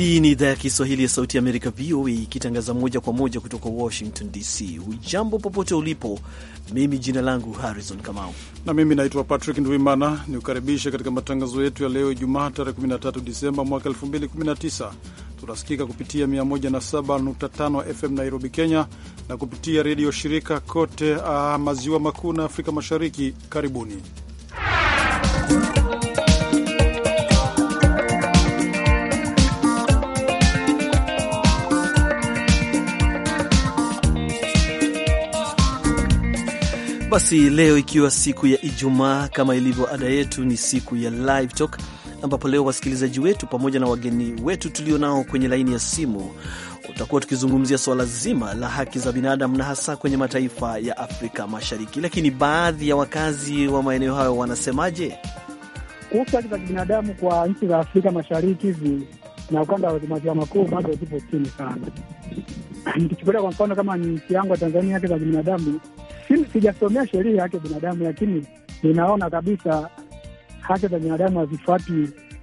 Hii ni idhaa ya Kiswahili ya Sauti ya Amerika, VOA, ikitangaza moja kwa moja kutoka Washington DC. Ujambo popote ulipo, mimi jina langu Harrison Kamau na mimi naitwa Patrick Ndwimana. Nikukaribishe katika matangazo yetu ya leo Ijumaa, tarehe 13 Disemba mwaka 2019. Tunasikika kupitia 107.5 FM Nairobi, Kenya, na kupitia redio shirika kote ah, maziwa makuu na Afrika Mashariki. Karibuni Basi leo ikiwa siku ya Ijumaa, kama ilivyo ada yetu, ni siku ya Live Talk, ambapo leo wasikilizaji wetu pamoja na wageni wetu tulio nao kwenye laini ya simu utakuwa tukizungumzia suala zima la haki za binadamu na hasa kwenye mataifa ya Afrika Mashariki. Lakini baadhi ya wakazi wa maeneo hayo wanasemaje kuhusu haki za kibinadamu kwa nchi za Afrika Mashariki hivi na ukanda wa maziwa makuu? Bado zipo chini sana, nikichukulia kwa mfano kama nchi yangu ya Tanzania, haki za binadamu, sijasomea sheria haki za binadamu, lakini ninaona kabisa haki za binadamu hazifuati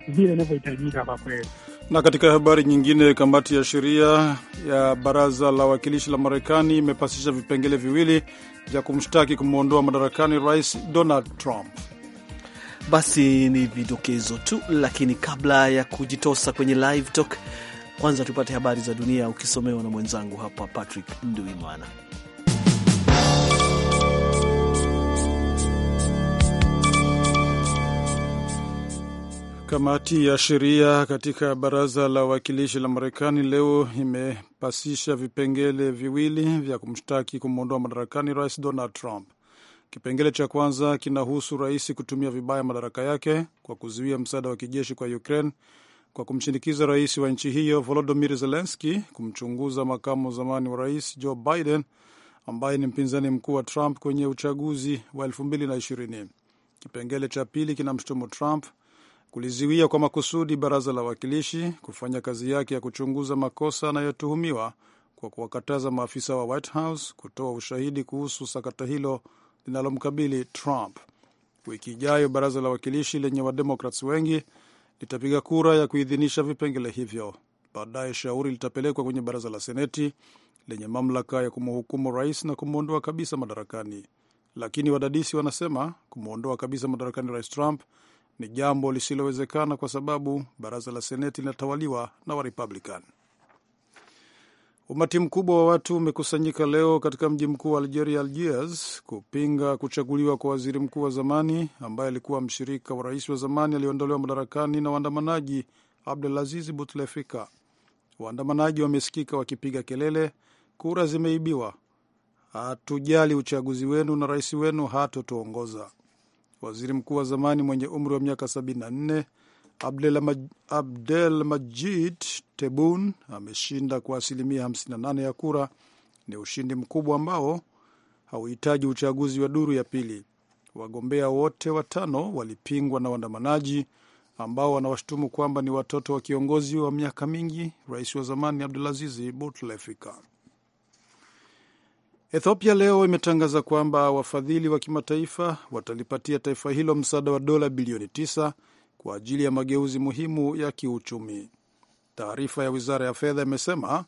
vile inavyohitajika kwa kweli. Na katika habari nyingine, kamati ya sheria ya baraza la wawakilishi la Marekani imepasisha vipengele viwili vya kumshtaki kumwondoa madarakani Rais Donald Trump. Basi ni vidokezo tu, lakini kabla ya kujitosa kwenye live talk kwanza tupate habari za dunia ukisomewa na mwenzangu hapa Patrick Nduimana. Kamati ya sheria katika baraza la wawakilishi la Marekani leo imepasisha vipengele viwili vya kumshtaki kumwondoa madarakani rais Donald Trump. Kipengele cha kwanza kinahusu rais kutumia vibaya madaraka yake kwa kuzuia msaada wa kijeshi kwa Ukraine kwa kumshinikiza rais wa nchi hiyo volodimir zelenski kumchunguza makamu wa zamani wa rais Joe Biden ambaye ni mpinzani mkuu wa Trump kwenye uchaguzi wa 2020. Kipengele cha pili kinamshutumu Trump kuliziwia kwa makusudi baraza la wawakilishi kufanya kazi yake ya kuchunguza makosa anayotuhumiwa kwa kuwakataza maafisa wa White House kutoa ushahidi kuhusu sakata hilo linalomkabili Trump. Wiki ijayo baraza la wawakilishi lenye Wademokrats wengi litapiga kura ya kuidhinisha vipengele hivyo. Baadaye shauri litapelekwa kwenye baraza la Seneti lenye mamlaka ya kumhukumu rais na kumwondoa kabisa madarakani, lakini wadadisi wanasema kumwondoa kabisa madarakani rais Trump ni jambo lisilowezekana kwa sababu baraza la Seneti linatawaliwa na Warepublican. Umati mkubwa wa watu umekusanyika leo katika mji mkuu wa Algeria, Algiers, kupinga kuchaguliwa kwa waziri mkuu wa zamani ambaye alikuwa mshirika wa rais wa zamani aliyeondolewa madarakani na waandamanaji Abdulaziz Butlefika. Waandamanaji wamesikika wakipiga kelele, kura zimeibiwa, hatujali uchaguzi wenu na rais wenu hatotuongoza. Waziri mkuu wa zamani mwenye umri wa miaka 74 abdel majid tebun ameshinda kwa asilimia 58 ya kura. Ni ushindi mkubwa ambao hauhitaji uchaguzi wa duru ya pili. Wagombea wote watano walipingwa na waandamanaji ambao wanawashutumu kwamba ni watoto wa kiongozi wa miaka mingi, rais wa zamani Abdulazizi Bouteflika. Ethiopia leo imetangaza kwamba wafadhili wa kimataifa watalipatia taifa hilo msaada wa dola bilioni 9 kwa ajili ya mageuzi muhimu ya kiuchumi. Taarifa ya wizara ya fedha imesema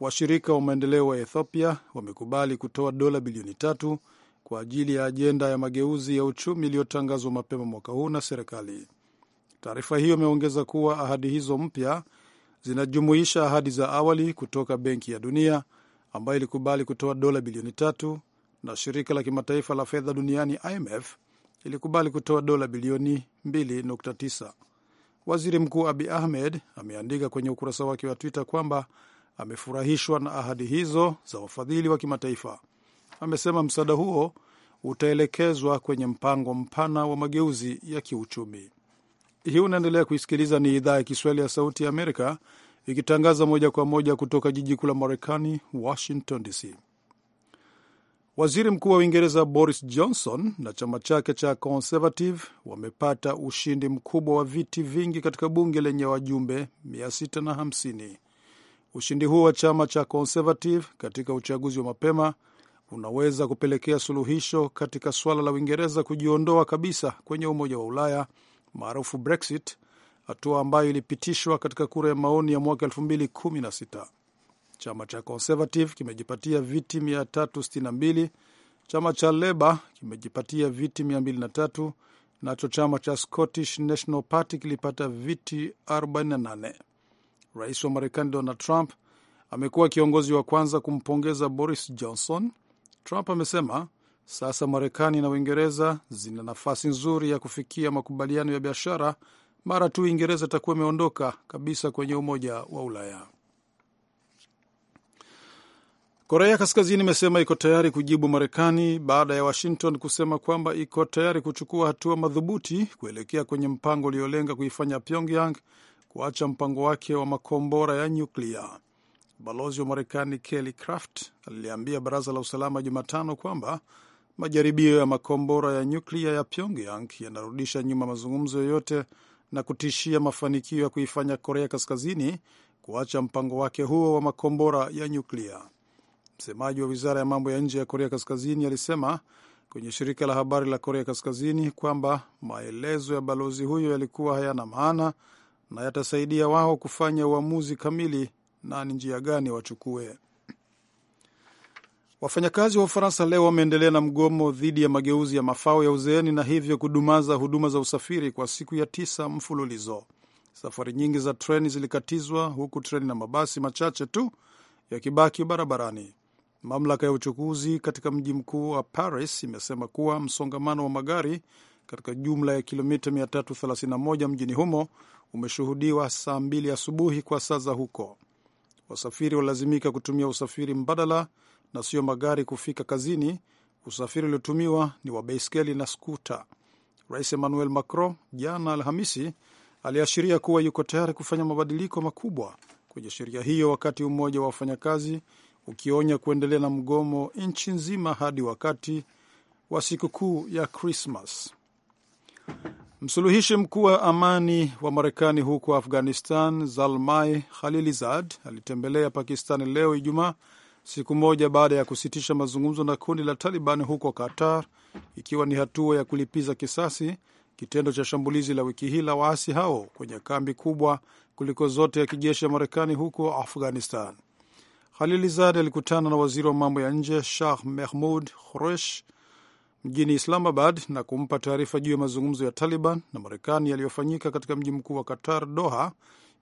washirika wa maendeleo wa Ethiopia wamekubali kutoa dola bilioni tatu kwa ajili ya ajenda ya mageuzi ya uchumi iliyotangazwa mapema mwaka huu na serikali. Taarifa hiyo imeongeza kuwa ahadi hizo mpya zinajumuisha ahadi za awali kutoka Benki ya Dunia ambayo ilikubali kutoa dola bilioni tatu na shirika la kimataifa la fedha duniani IMF ilikubali kutoa dola bilioni 2.9. Waziri Mkuu Abi Ahmed ameandika kwenye ukurasa wake wa Twitter kwamba amefurahishwa na ahadi hizo za wafadhili wa kimataifa. Amesema msaada huo utaelekezwa kwenye mpango mpana wa mageuzi ya kiuchumi. Hii unaendelea kuisikiliza, ni idhaa ya Kiswahili ya Sauti ya Amerika ikitangaza moja kwa moja kutoka jiji kuu la Marekani, Washington DC. Waziri Mkuu wa Uingereza Boris Johnson na chama chake cha Conservative wamepata ushindi mkubwa wa viti vingi katika bunge lenye wajumbe 650. Ushindi huo wa chama cha Conservative katika uchaguzi wa mapema unaweza kupelekea suluhisho katika suala la Uingereza kujiondoa kabisa kwenye Umoja wa Ulaya maarufu Brexit, hatua ambayo ilipitishwa katika kura ya maoni ya mwaka 2016. Chama cha Conservative kimejipatia viti 362, chama cha Leba kimejipatia viti 203, nacho chama cha Scottish National Party kilipata viti 48. Rais wa Marekani Donald Trump amekuwa kiongozi wa kwanza kumpongeza Boris Johnson. Trump amesema sasa Marekani na Uingereza zina nafasi nzuri ya kufikia makubaliano ya biashara mara tu Uingereza itakuwa imeondoka kabisa kwenye Umoja wa Ulaya. Korea Kaskazini imesema iko tayari kujibu Marekani baada ya Washington kusema kwamba iko tayari kuchukua hatua madhubuti kuelekea kwenye mpango uliolenga kuifanya Pyongyang kuacha mpango wake wa makombora ya nyuklia. Balozi wa Marekani Kelly Craft aliliambia baraza la usalama Jumatano kwamba majaribio ya makombora ya nyuklia ya Pyongyang yanarudisha nyuma mazungumzo yoyote na kutishia mafanikio ya kuifanya Korea Kaskazini kuacha mpango wake huo wa makombora ya nyuklia. Msemaji wa wizara ya mambo ya nje ya Korea Kaskazini alisema kwenye shirika la habari la Korea Kaskazini kwamba maelezo ya balozi huyo yalikuwa hayana maana na yatasaidia wao kufanya uamuzi kamili na ni njia gani wachukue. Wafanyakazi wa Ufaransa leo wameendelea na mgomo dhidi ya mageuzi ya mafao ya uzeeni na hivyo kudumaza huduma za usafiri kwa siku ya tisa mfululizo. Safari nyingi za treni zilikatizwa huku treni na mabasi machache tu yakibaki barabarani. Mamlaka ya uchukuzi katika mji mkuu wa Paris imesema kuwa msongamano wa magari katika jumla ya kilomita 331 mjini humo umeshuhudiwa saa 2 asubuhi kwa saa za huko. Wasafiri walilazimika kutumia usafiri mbadala na sio magari kufika kazini. Usafiri uliotumiwa ni wa baiskeli na skuta. Rais Emmanuel Macron jana Alhamisi aliashiria kuwa yuko tayari kufanya mabadiliko makubwa kwenye sheria hiyo, wakati umoja wa wafanyakazi ukionya kuendelea na mgomo nchi nzima hadi wakati wa sikukuu ya Krismas. Msuluhishi mkuu wa amani wa Marekani huko Afghanistan, Zalmai Khalilizad alitembelea Pakistani leo Ijumaa, siku moja baada ya kusitisha mazungumzo na kundi la Taliban huko Qatar, ikiwa ni hatua ya kulipiza kisasi kitendo cha shambulizi la wiki hii la waasi hao kwenye kambi kubwa kuliko zote ya kijeshi ya Marekani huko Afghanistan. Khalilizad alikutana na waziri wa mambo ya nje Shah Mahmud Qureshi mjini Islamabad na kumpa taarifa juu ya mazungumzo ya Taliban na Marekani yaliyofanyika katika mji mkuu wa Qatar, Doha,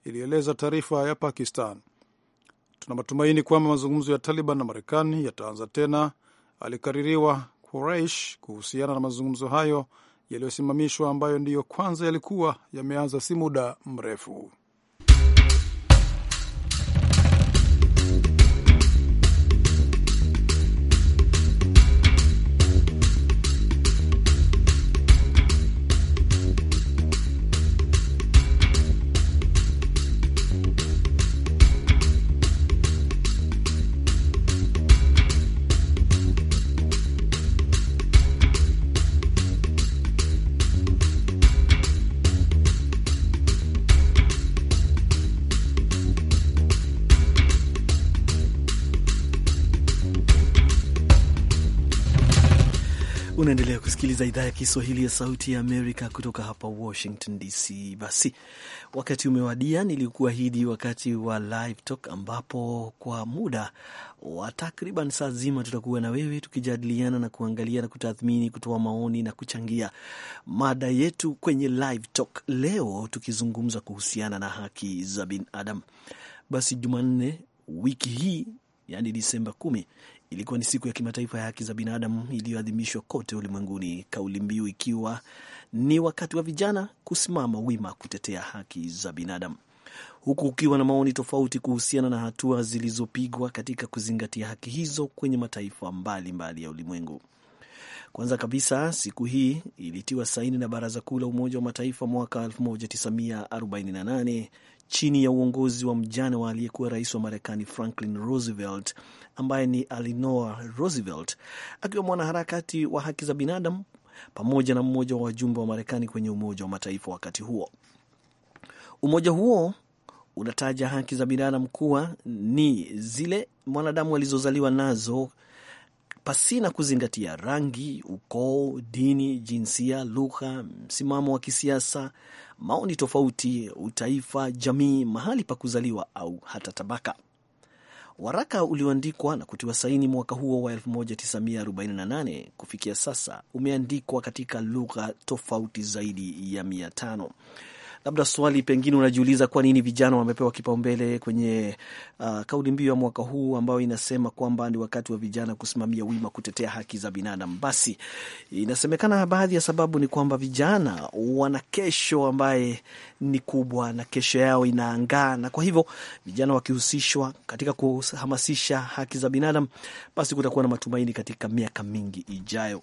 ilieleza taarifa ya Pakistan. Tuna matumaini kwamba mazungumzo ya Taliban na Marekani yataanza tena, alikaririwa kuraish kuhusiana na mazungumzo hayo yaliyosimamishwa, ambayo ndiyo kwanza yalikuwa yameanza si muda mrefu. Unaendelea kusikiliza idhaa ya Kiswahili ya Sauti ya Amerika kutoka hapa Washington DC. Basi wakati umewadia nilikuahidi wakati wa Live Talk, ambapo kwa muda wa takriban saa zima tutakuwa na wewe tukijadiliana na kuangalia na kutathmini, kutoa maoni na kuchangia mada yetu kwenye Live Talk leo, tukizungumza kuhusiana na haki za binadamu. Basi Jumanne wiki hii, yani Disemba kumi Ilikuwa ni siku ya kimataifa ya haki za binadamu iliyoadhimishwa kote ulimwenguni, kauli mbiu ikiwa ni wakati wa vijana kusimama wima kutetea haki za binadamu, huku ukiwa na maoni tofauti kuhusiana na hatua zilizopigwa katika kuzingatia haki hizo kwenye mataifa mbalimbali mbali ya ulimwengu. Kwanza kabisa, siku hii ilitiwa saini na Baraza Kuu la Umoja wa Mataifa mwaka 1948 chini ya uongozi wa mjane wa aliyekuwa rais wa Marekani Franklin Roosevelt, ambaye ni Eleanor Roosevelt, akiwa mwanaharakati wa haki za binadamu pamoja na mmoja wa wajumbe wa Marekani kwenye Umoja wa Mataifa wakati huo. Umoja huo unataja haki za binadamu kuwa ni zile mwanadamu alizozaliwa nazo pasina kuzingatia rangi, ukoo, dini, jinsia, lugha, msimamo wa kisiasa, maoni tofauti, utaifa, jamii, mahali pa kuzaliwa au hata tabaka. Waraka ulioandikwa na kutiwa saini mwaka huo wa 1948 kufikia sasa umeandikwa katika lugha tofauti zaidi ya mia tano labda swali pengine unajiuliza kwa nini vijana wamepewa kipaumbele kwenye uh, kauli mbiu ya mwaka huu ambayo inasema kwamba ni wakati wa vijana kusimamia wima kutetea haki za binadamu. Basi inasemekana baadhi ya sababu ni kwamba vijana wana kesho ambaye ni kubwa na kesho yao inaangaa, na kwa hivyo vijana wakihusishwa katika kuhamasisha haki za binadamu, basi kutakuwa na matumaini katika miaka mingi ijayo.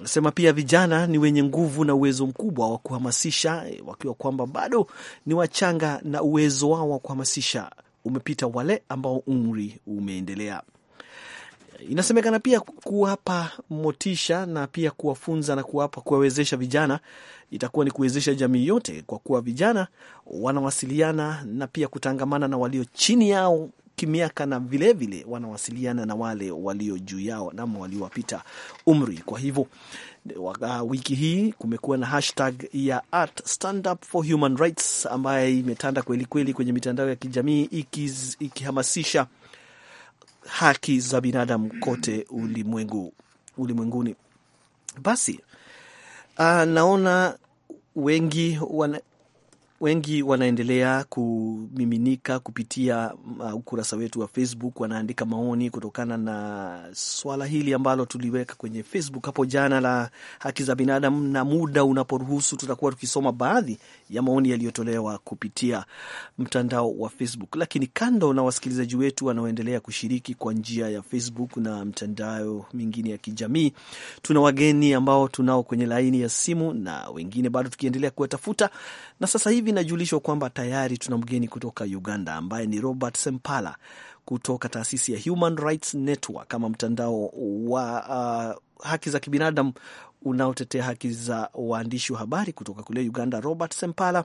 Anasema pia vijana ni wenye nguvu na uwezo mkubwa wa kuhamasisha, eh, wakiwa kwamba bado ni wachanga na uwezo wao wa kuhamasisha umepita wale ambao umri umeendelea. Inasemekana pia kuwapa motisha na pia kuwafunza na kuwapa kuwawezesha vijana itakuwa ni kuwezesha jamii yote, kwa kuwa vijana wanawasiliana na pia kutangamana na walio chini yao kimiaka na vilevile vile wanawasiliana na wale walio juu yao nama waliowapita umri. Kwa hivyo wiki hii kumekuwa na hashtag ya at stand up for human rights ambaye imetanda kwelikweli kweli kwenye mitandao ya kijamii ikihamasisha ikihamasisha haki za binadamu kote ulimwengu ulimwenguni. Basi uh, naona wengi wana, wengi wanaendelea kumiminika kupitia uh, ukurasa wetu wa Facebook, wanaandika maoni kutokana na swala hili ambalo tuliweka kwenye Facebook hapo jana la haki za binadamu, na muda unaporuhusu tutakuwa tukisoma baadhi ya maoni yaliyotolewa kupitia mtandao wa Facebook. Lakini kando na wasikilizaji wetu wanaoendelea kushiriki kwa njia ya Facebook na mtandao mingine ya kijamii, tuna wageni ambao tunao kwenye laini ya simu na wengine bado tukiendelea kuwatafuta na sasa hivi inajulishwa kwamba tayari tuna mgeni kutoka Uganda ambaye ni Robert Sempala kutoka taasisi ya Human Rights Network kama mtandao wa uh, haki za kibinadamu unaotetea haki za waandishi wa habari kutoka kule Uganda, Robert Sempala.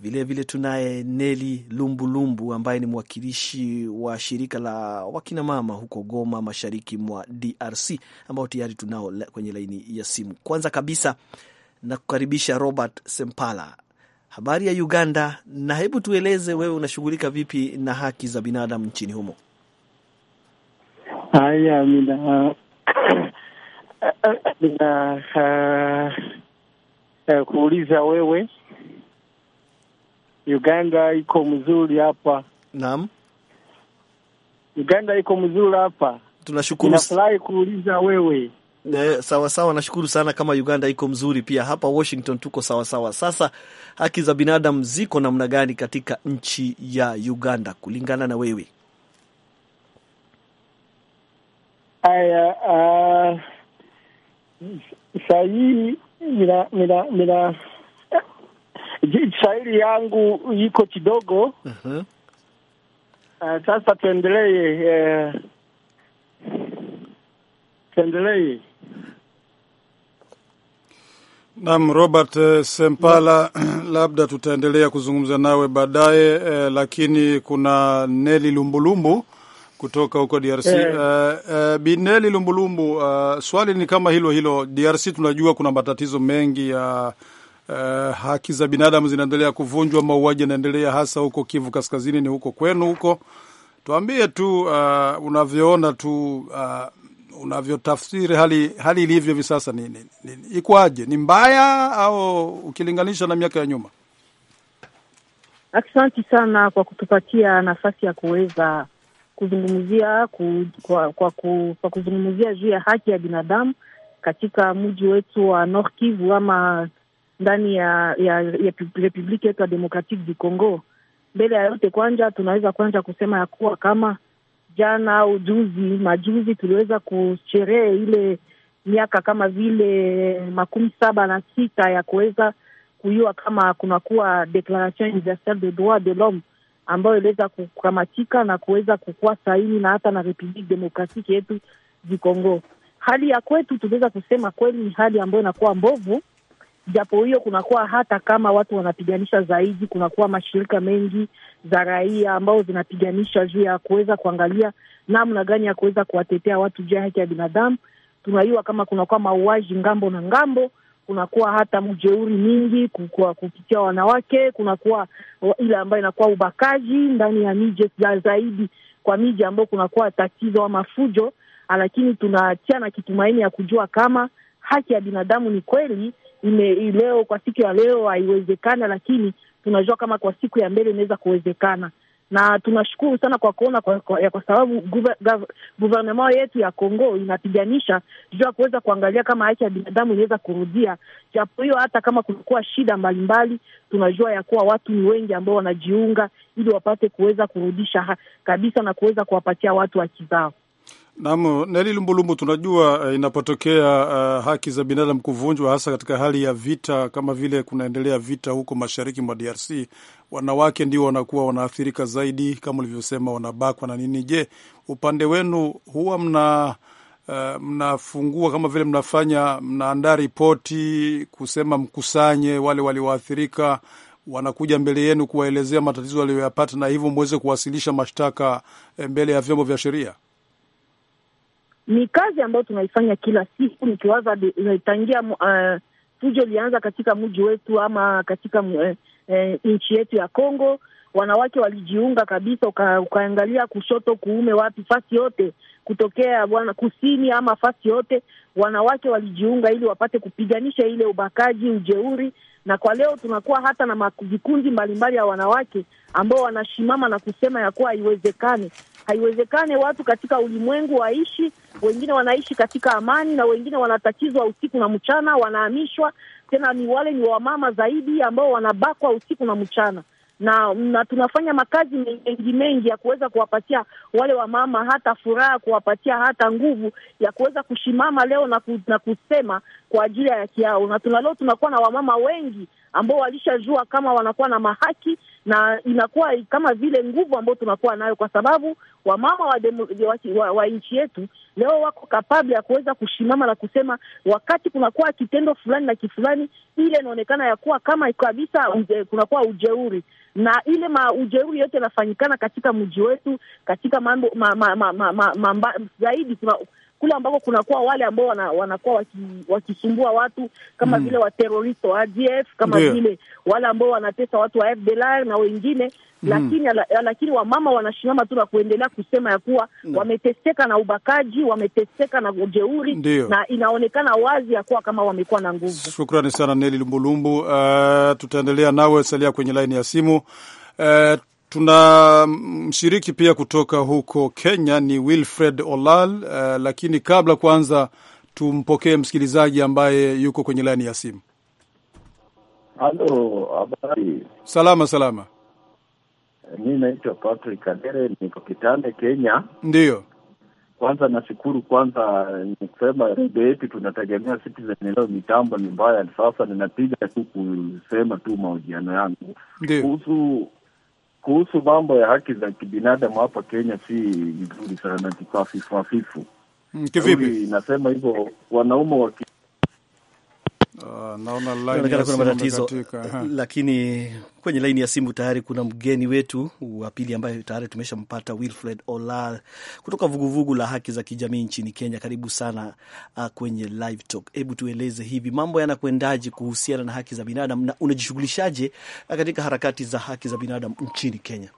Vilevile tunaye Neli Lumbulumbu ambaye ni mwakilishi wa shirika la wakinamama huko Goma, mashariki mwa DRC, ambao tayari tunao kwenye laini ya simu. Kwanza kabisa na kukaribisha Robert Sempala habari ya Uganda, na hebu tueleze wewe unashughulika vipi na haki za binadamu nchini humo? Haya, mina mina uh, uh, kuuliza wewe, Uganda iko mzuri hapa? Naam, Uganda iko mzuri hapa, tunashukuru. Nafurahi kuuliza wewe sawasawa eh, sawa sawa, nashukuru sana. Kama Uganda iko mzuri, pia hapa Washington tuko sawasawa sawa. Sasa haki za binadamu ziko namna gani katika nchi ya Uganda kulingana na wewe? Aya, uh, ah, sahii mina, mina, mina eh, yangu iko kidogo uh -huh. Uh, ah, sasa tuendelee uh, tuendelee. Naam, Robert eh, Sempala, labda tutaendelea kuzungumza nawe baadaye eh, lakini kuna Neli Lumbulumbu kutoka huko DRC eh. Uh, eh, uh, eh, Bineli Lumbulumbu, uh, swali ni kama hilo hilo. DRC tunajua kuna matatizo mengi ya uh, haki za binadamu zinaendelea kuvunjwa, mauaji yanaendelea, hasa huko Kivu Kaskazini, ni huko kwenu huko. Tuambie tu uh, unavyoona tu uh, unavyotafsiri hali, hali ilivyo hivi sasa ni, ni, ni, ikwaje? Ni mbaya au ukilinganisha na miaka ya nyuma? Asanti sana kwa kutupatia nafasi ya kuweza kuzungumzia ku, kwa, kwa, ku, kwa kuzungumzia juu ya haki ya binadamu katika mji wetu wa Nord Kivu ama ndani ya, ya, ya Republiki yetu ya Demokratiki du Congo. Mbele ya yote, kwanza tunaweza kwanza kusema ya kuwa kama jana au juzi majuzi tuliweza kusherehe ile miaka kama vile makumi saba na sita ya kuweza kuiwa kama kunakuwa Declaration Universelle de droit de l'Homme ambayo iliweza kukamatika na kuweza kukua saini na hata na Republique Demokratiki yetu vikongo Hali ya kwetu tuliweza kusema kweli hali ambayo inakuwa mbovu japo hiyo kunakuwa hata kama watu wanapiganisha zaidi, kunakuwa mashirika mengi za raia ambao zinapiganisha juu ya kuweza kuangalia namna gani ya kuweza kuwatetea watu juu ya haki ya binadamu. Tunajua kama kunakuwa mauaji ngambo na ngambo, kunakuwa hata mjeuri mingi kukua, kupitia wanawake, kunakuwa ile ambayo inakuwa ubakaji ndani ya miji zaidi kwa miji ambayo kunakuwa tatizo ama fujo, ah, lakini tunatia na kitumaini ya kujua kama haki ya binadamu ni kweli ime- leo kwa siku ya leo haiwezekana, lakini tunajua kama kwa siku ya mbele inaweza kuwezekana, na tunashukuru sana kwa kuona kwa, kwa, kwa sababu guvernema yetu ya Kongo inapiganisha juu ya kuweza kuangalia kama haki ya binadamu inaweza kurudia, japo hiyo hata kama kulikuwa shida mbalimbali, tunajua ya kuwa watu ni wengi ambao wanajiunga ili wapate kuweza kurudisha kabisa na kuweza kuwapatia watu haki zao. Naam, Nelil Lumbulumbu, tunajua eh, inapotokea uh, haki za binadamu kuvunjwa, hasa katika hali ya vita kama vile kunaendelea vita huko mashariki mwa DRC, wanawake ndio wanakuwa wanaathirika zaidi, kama ulivyosema, wanabakwa na nini. Je, upande wenu huwa mna uh, mnafungua kama vile mnafanya, mnaandaa ripoti kusema mkusanye wale walioathirika, wanakuja mbele yenu kuwaelezea matatizo waliyoyapata, na hivyo mweze kuwasilisha mashtaka mbele ya vyombo vya sheria? ni kazi ambayo tunaifanya kila siku, nikiwaza eh, tangia uh, fujo ilianza katika mji wetu ama katika uh, uh, nchi yetu ya Kongo, wanawake walijiunga kabisa, uka, ukaangalia kushoto kuume, wapi fasi yote kutokea wana, kusini ama fasi yote, wanawake walijiunga ili wapate kupiganisha ile ubakaji, ujeuri na kwa leo tunakuwa hata na vikundi mbalimbali ya wanawake ambao wanashimama na kusema ya kuwa haiwezekani, haiwezekane watu katika ulimwengu waishi. Wengine wanaishi katika amani na wengine wanatatizwa usiku na mchana, wanahamishwa. Tena ni wale ni wamama zaidi ambao wanabakwa usiku na mchana na, na tunafanya makazi mengi mengi ya kuweza kuwapatia wale wamama hata furaha, kuwapatia hata nguvu ya kuweza kushimama leo na, ku, na kusema kwa ajili ya haki yao, na tuna leo tunakuwa na wamama wengi ambao walishajua kama wanakuwa na mahaki na inakuwa kama vile nguvu ambayo tunakuwa nayo, kwa sababu wamama wa, wa, wa nchi yetu leo wako kapable ya kuweza kushimama na kusema, wakati kunakuwa kitendo fulani na kifulani, ile inaonekana ya kuwa kama kabisa uje, kunakuwa ujeuri na ile maujeuri yote yanafanyikana katika mji wetu, katika mambo ma, ma, ma, ma, ma, ma, zaidi kule ambako kunakuwa wale ambao wana, wanakuwa waki, wakisumbua watu kama mm. vile waterorist wa ADF kama vile wale ambao wanatesa watu wa FDLR na wengine mm. Lakini ala, lakini wamama wanashimama tu na kuendelea kusema ya kuwa no. wameteseka na ubakaji, wameteseka na ujeuri Ndiyo. na inaonekana wazi ya kuwa kama wamekuwa na nguvu. Shukrani sana Neli Lumbulumbu. Uh, tutaendelea nawe salia kwenye laini ya simu uh, Tuna mshiriki pia kutoka huko Kenya ni Wilfred Olal. Uh, lakini kabla kwanza tumpokee msikilizaji ambaye yuko kwenye laini ya simu. Halo, habari? Salama salama. Eh, mi naitwa Patrick Adere, niko Kitale, Kenya. Ndiyo, kwanza nashukuru kwanza, eh, ni kusema redio yetu tunategemea Citizen. Leo mitambo ni mbaya, sasa ninapiga tu kusema tu mahojiano yangu kuhusu kuhusu mambo ya haki za kibinadamu hapa Kenya si vizuri sana, kifafifu hafifu. Mm, kivipi? Inasema hivyo wanaume waki Uh, Inaonekana kuna matatizo, lakini kwenye laini ya simu tayari kuna mgeni wetu wa pili ambaye tayari tumeshampata Wilfred Ola kutoka vuguvugu la haki za kijamii nchini Kenya. Karibu sana uh, kwenye Live Talk. Hebu tueleze hivi, mambo yanakwendaje kuhusiana na haki za binadamu na unajishughulishaje uh, katika harakati za haki za binadamu nchini Kenya?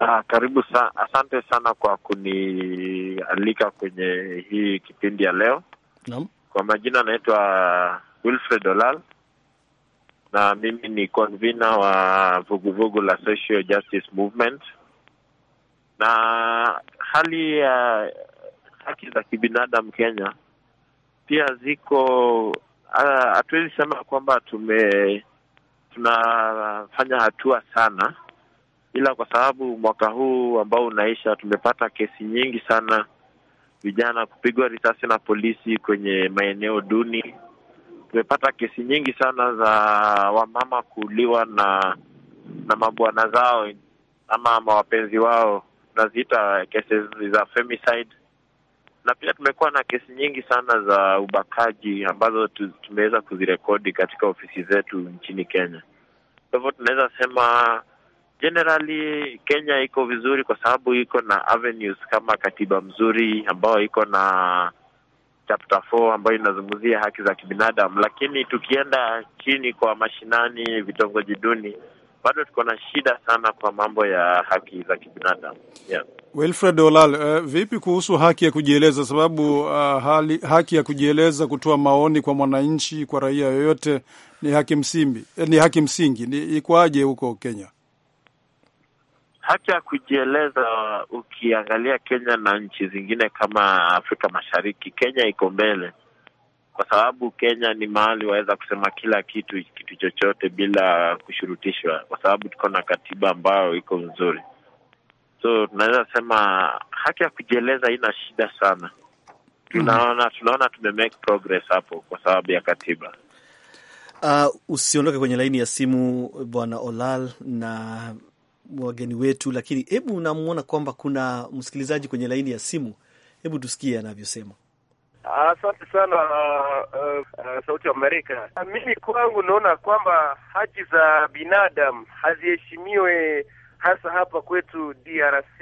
Ah, karibu sa asante sana kwa kunialika kwenye hii kipindi ya leo. Naam. Kwa majina anaitwa Wilfred Olal na mimi ni konvina wa vuguvugu la Social Justice Movement, na hali ya uh, haki za kibinadamu Kenya pia ziko hatuwezi uh, sema kwamba tume tunafanya hatua sana, ila kwa sababu mwaka huu ambao unaisha tumepata kesi nyingi sana vijana kupigwa risasi na polisi kwenye maeneo duni. Tumepata kesi nyingi sana za wamama kuuliwa na na mabwana zao ama mawapenzi wao, tunaziita kesi za femicide. Na pia tumekuwa na kesi nyingi sana za ubakaji ambazo tumeweza kuzirekodi katika ofisi zetu nchini Kenya. Kwa hivyo tunaweza sema Generally Kenya iko vizuri kwa sababu iko na avenues kama katiba mzuri ambayo iko na chapter four ambayo inazungumzia haki za kibinadamu, lakini tukienda chini kwa mashinani, vitongoji duni, bado tuko na shida sana kwa mambo ya haki za kibinadamu yeah. Wilfred Olal, uh, vipi kuhusu haki ya kujieleza? Sababu uh, hali, haki ya kujieleza, kutoa maoni kwa mwananchi, kwa raia yoyote ni haki msingi, eh, ni haki msingi. Ni ikwaje huko Kenya? hata kujieleza. Ukiangalia Kenya na nchi zingine kama Afrika Mashariki, Kenya iko mbele kwa sababu Kenya ni mahali waweza kusema kila kitu, kitu chochote bila kushurutishwa, kwa sababu tuko na katiba ambayo iko nzuri. So tunaweza sema haki ya kujieleza haina shida sana. Tunaona tunaona tume make progress hapo kwa sababu ya katiba. Uh, usiondoke kwenye laini ya simu Bwana Olal na wageni wetu, lakini hebu namwona kwamba kuna msikilizaji kwenye laini ya simu. Hebu tusikie anavyosema. Asante sana uh, uh, uh Sauti ya Amerika. Mimi kwangu naona kwamba haki za binadamu haziheshimiwe hasa hapa kwetu DRC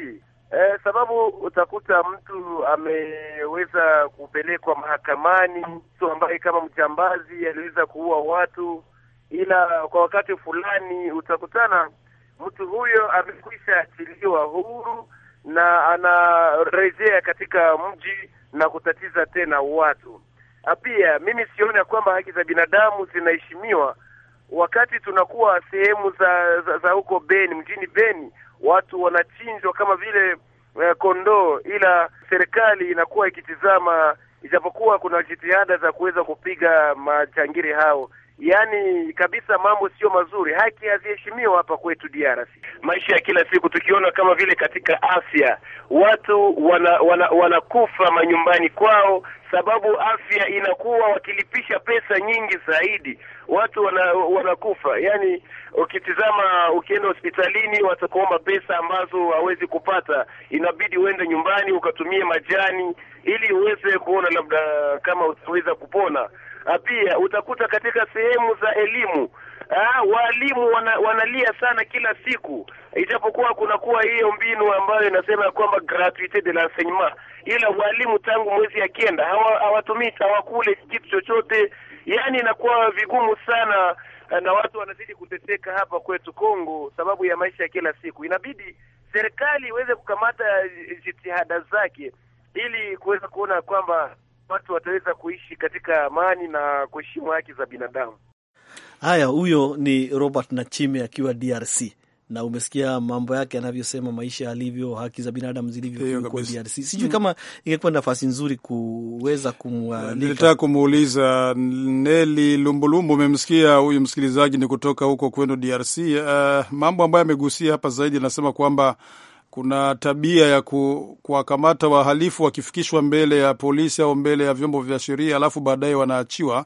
eh, sababu utakuta mtu ameweza kupelekwa mahakamani, mtu ambaye kama mjambazi aliweza kuua watu, ila kwa wakati fulani utakutana mtu huyo amekwisha achiliwa huru na anarejea katika mji na kutatiza tena watu. Ah, pia mimi sioni ya kwamba haki za binadamu zinaheshimiwa wakati tunakuwa sehemu za, za, za huko Beni, mjini Beni, watu wanachinjwa kama vile uh, kondoo, ila serikali inakuwa ikitizama, ijapokuwa kuna jitihada za kuweza kupiga machangiri hao, yaani kabisa mambo sio mazuri, haki haziheshimiwa hapa kwetu DRC. Maisha ya kila siku tukiona kama vile katika afya watu wanakufa wana, wana manyumbani kwao, sababu afya inakuwa wakilipisha pesa nyingi zaidi, watu wana, wanakufa. Yaani ukitizama, ukienda hospitalini watakuomba pesa ambazo hawezi kupata, inabidi uende nyumbani ukatumie majani ili uweze kuona labda kama utaweza kupona. Ah, pia utakuta katika sehemu za elimu Ah, walimu wana, wanalia sana kila siku, ijapokuwa kunakuwa hiyo mbinu ambayo inasema ya kwamba gratuite de l'enseignement, ila walimu tangu mwezi ya kenda hawatumii hawakule kitu chochote, yani inakuwa vigumu sana, eh, na watu wanazidi kuteseka hapa kwetu Kongo sababu ya maisha ya kila siku. Inabidi serikali iweze kukamata eh, jitihada zake ili kuweza kuona kwamba watu wataweza kuishi katika amani na kuheshimu haki za binadamu. Haya, huyo ni Robert Nachime akiwa DRC na umesikia mambo yake anavyosema, maisha yalivyo, haki za binadamu zilivyo huko DRC. Sijui kama ingekuwa nafasi nzuri kuweza kumwalika. Nilitaka kumuuliza Neli Lumbulumbu, umemsikia huyu msikilizaji, ni kutoka huko kwenu DRC. Uh, eh, mambo ambayo amegusia hapa zaidi, anasema kwamba kuna tabia ya ku, kuwakamata wahalifu wakifikishwa mbele ya polisi au mbele ya vyombo vya sheria alafu baadaye wanaachiwa.